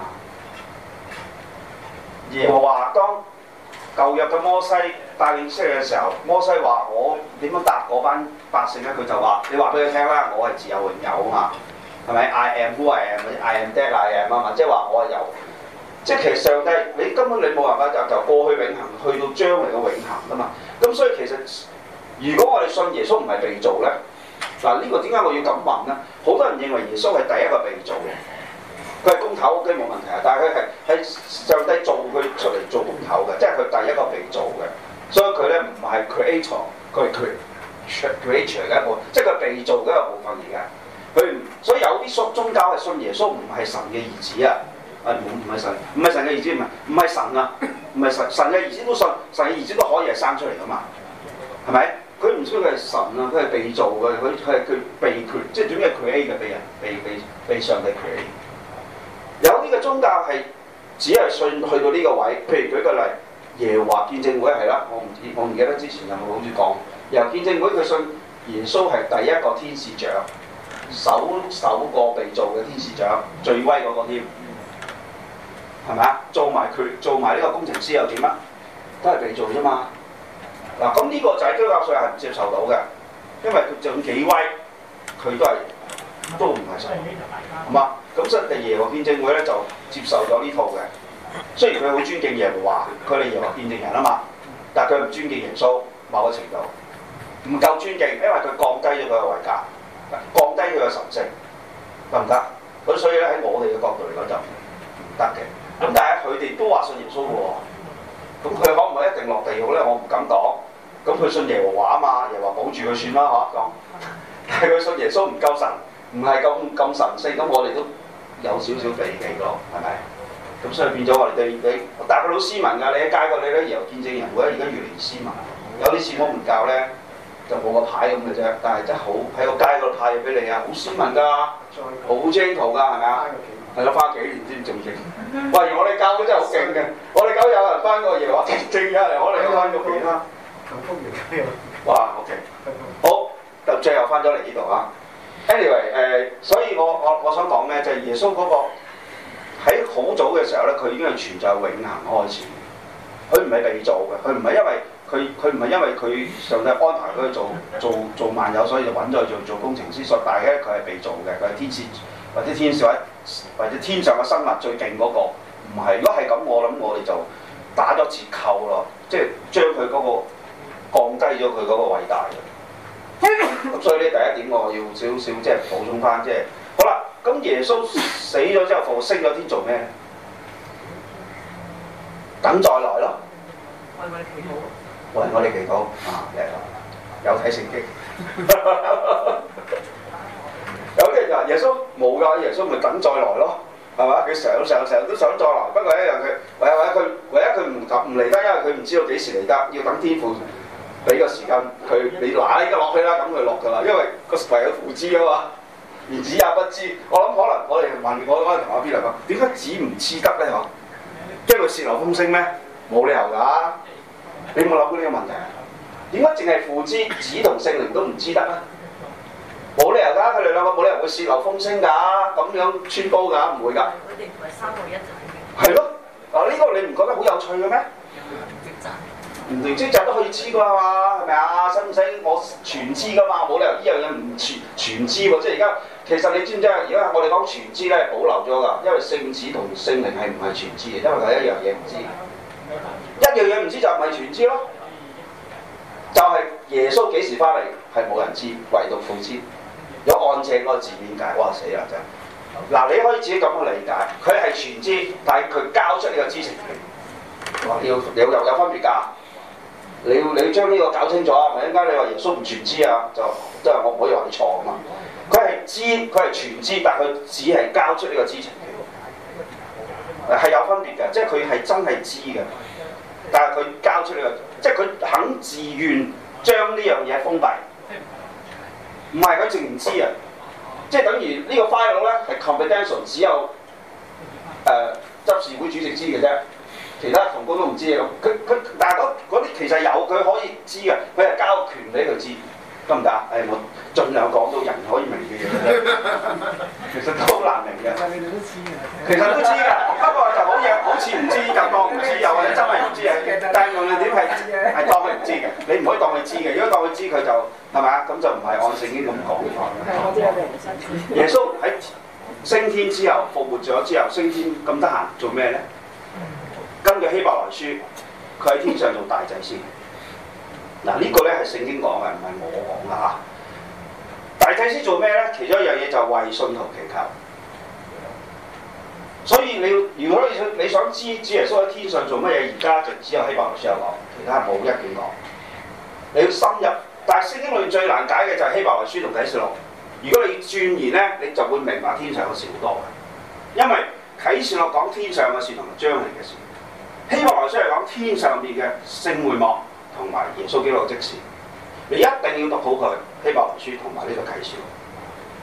S1: 耶和華當。舊日嘅摩西帶領出去嘅時候，摩西話我點樣答嗰班百姓咧？佢就話：你話俾佢聽啦，我係自有永有啊嘛，係咪？I am who I am，I am that I am，即係話我係有，即係其實上帝，你根本你冇辦法就就過去永恆去到將嚟嘅永恆噶嘛。咁所以其實，如果我哋信耶穌唔係被造咧，嗱、這、呢個點解我要咁問咧？好多人認為耶穌係第一個被造。嘅。.佢係工頭，佢冇問題啊！但係佢係喺上帝造佢出嚟做工頭嘅，即係佢第一個被做嘅，所以佢咧唔係 creator，佢係 create creator 嘅一個，即係佢被做嘅一個部分嚟嘅。佢所以有啲宗，宗教係信耶穌唔係神嘅兒子啊，係唔係神，唔係神嘅兒子唔係，唔係神啊，唔係神，神嘅兒子都信，神嘅兒子都可以係生出嚟噶嘛，係咪？佢唔算佢係神啊，佢係被做嘅，佢佢係佢被 create 即係點解佢 create 嘅俾人，被被被，被上帝 create 有呢個宗教係只係信去到呢個位，譬如舉個例，耶和華見證會係啦，我唔記，我唔記得之前有冇好似講，由見證會佢信耶穌係第一個天使長，首首個被造嘅天使長，最威嗰、那個添，係咪啊？做埋佢，做埋呢個工程師又點啊？都係被造啫嘛。嗱，咁呢個就係基督教上係唔接受到嘅，因為佢最幾威，佢都係。都唔係神，係嘛、嗯？咁所以你耶和華見證會咧就接受咗呢套嘅。雖然佢好尊敬耶和華，佢哋耶和華見證人啊嘛，但係佢唔尊敬耶穌某個程度，唔夠尊敬，因為佢降低咗佢嘅位格，降低佢嘅神性，得唔得？咁所以咧喺我哋嘅角度嚟講就唔得嘅。咁但係佢哋都話信耶穌嘅喎，咁佢可唔可以一定落地獄咧？我唔敢講。咁佢信耶和華啊嘛，耶和華保住佢算啦嚇咁。但係佢信耶穌唔夠神。唔係咁咁神聖，咁我哋都有少少避忌咯，係咪？咁所以變咗我哋對你。但係佢好斯文㗎。你喺街嗰度咧，然後見證人會，而家越嚟越斯文。有啲事我唔教咧，就冇個牌咁嘅啫。但係真係好喺個街度派嘢俾你啊，好斯文㗎，好 gentle 㗎，係咪啊？係咯，翻幾年先仲勁。喂，我哋教真係好勁嘅，我哋教有人翻個嘢話正正有人可能翻個片。哇，OK，好，好，就最後翻咗嚟呢度啊。Anyway 誒、呃，所以我我我想講咧就係耶穌嗰個喺好早嘅時候咧，佢已經係存在永恆開始，佢唔係被造嘅，佢唔係因為佢佢唔係因為佢上帝安排佢去做做做萬有，所以就揾咗去做做工程師。所以，大家咧佢係被造嘅，佢係天使或者天使或者天上嘅生物最勁嗰、嗰個唔係。如果係咁，我諗我哋就打咗折扣咯，即係將佢嗰個降低咗佢嗰個偉大。咁所以呢，第一點我要少少即係補充翻，即係好啦。咁耶穌死咗之後，復升咗天做咩？等再來咯。為我哋祈禱。
S2: 為
S1: 我哋祈禱啊！有睇神蹟。 <laughs> <laughs> 有啲人就話耶穌冇㗎，耶穌咪等再來咯，係嘛？佢想想成日都想再來，不過一樣佢唯唯佢唯一佢唔唔嚟得，因為佢唔知道幾時嚟得，要等天父。俾個時間佢你嗱，依個落去啦，咁佢落噶啦，因為，我我我我為個唯有父知啊嘛，子也不知。我諗可能我哋問我嗰個同學 B 嚟講，點解子唔知得咧？嗬，即係佢泄露風聲咩？冇理由噶，你有冇諗過呢個問題啊？點解淨係父知，子同聖靈都唔知得咧？冇理由噶，佢哋兩個冇理由會泄露風聲噶，咁樣穿煲噶，唔會噶。佢哋唔係三個一齊就係。咯，嗱、啊、呢、呢個你唔覺得好有趣嘅咩？嗯嗯明知就都可以知噶嘛，係咪啊？使唔使我全知噶嘛？冇理由呢樣嘢唔全全知喎。即係而家，其實你知唔知啊？而家我哋講全知咧，保留咗㗎，因為聖子同聖靈係唔係全知嘅，因為佢有一樣嘢唔知。嗯、一樣嘢唔知就唔係全知咯。嗯、就係耶穌幾時翻嚟係冇人知，唯獨父知。有按正個字面解？哇死啦真。嗱，你可以自己咁去理解，佢係全知，但係佢交出呢個知情權。要有有分別㗎。你要你將呢個搞清楚，啊。咪陣間你話耶穌唔全知啊，就即係我唔可以話你錯啊嘛。佢係知，佢係全知，但佢只係交出呢個知情權，係有分別嘅。即係佢係真係知嘅，但係佢交出呢、呢個，即係佢肯自願將呢樣嘢封閉。唔係佢淨唔知啊，即係等於呢個 file 咧係 confidential，只有誒、呃、執事會主席知嘅啫，其他同工都唔知嘅。佢佢但係其實有佢可以知嘅，佢係交權俾佢知，得唔得啊？誒、哎，我盡量講到人可以明嘅嘢。其實都好難明嘅，其實,其實都知㗎，啊、不過就好似好似唔
S2: 知就、嗯、當唔知，又、嗯、或者真係唔知、嗯、但但無論點係係當佢唔知嘅，你唔可以當佢知嘅，如果當佢
S1: 知佢就係咪啊？咁就唔係按聖經咁講法。耶穌喺升天之後復活咗之後升天，咁得閒做咩咧？根據希伯來書。佢喺天上做大祭司，嗱、啊這個、呢個咧係聖經講嘅，唔係我講嘅嚇。大祭司做咩咧？其中一樣嘢就係為信徒祈求。所以你要如果你想你想知主耶穌喺天上做乜嘢，而家就只有希伯來書有講，其他冇一句講。你要深入，但係聖經裏面最難解嘅就係《希伯來書》同《啟示錄》。如果你鑽研咧，你就會明白天上嘅事好多嘅，因為《啟示錄》講天上嘅事同將嚟嘅事。希望來書係講天上面嘅星會幕同埋耶穌基督即時，你一定要讀好佢，希望來書同埋呢個啟示，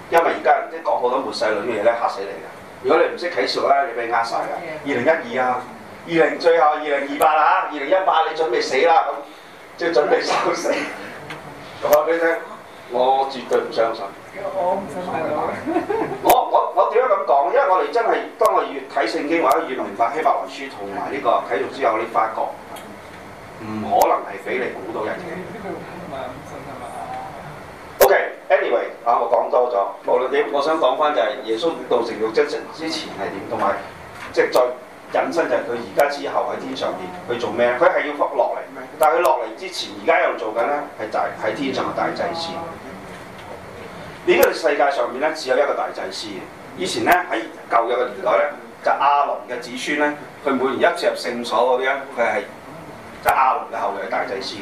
S1: 因為而家人啲講好多末世論啲嘢咧嚇死你嘅。如果你唔識啟示咧，你俾呃晒嘅。二零一二啊，二零最後二零二八啊，二零一八你準備死啦，咁即係準備收死！我 <laughs> 俾你，我絕對唔相信。我唔相
S3: 信！ <laughs>
S1: 我點解咁講？因為我哋真係當我越睇聖經或者越明白希伯來書同埋呢個啟讀之後，你發覺唔可能係俾你估到人嘅。O、okay, K，anyway，啊，我講多咗，無論點，我想講翻就係耶穌道成肉身之前係點，同埋即係再引申就係佢而家之後喺天上邊去做咩？佢係要復落嚟，但係佢落嚟之前，而家又做緊咧係大喺天上嘅大祭司。呢、這個世界上面咧，只有一個大祭司。以前咧喺舊有嘅年代咧，就是、阿龍嘅子孫咧，佢每年一次入聖所嗰啲咧，佢係即係亞龍嘅後裔嘅大祭司。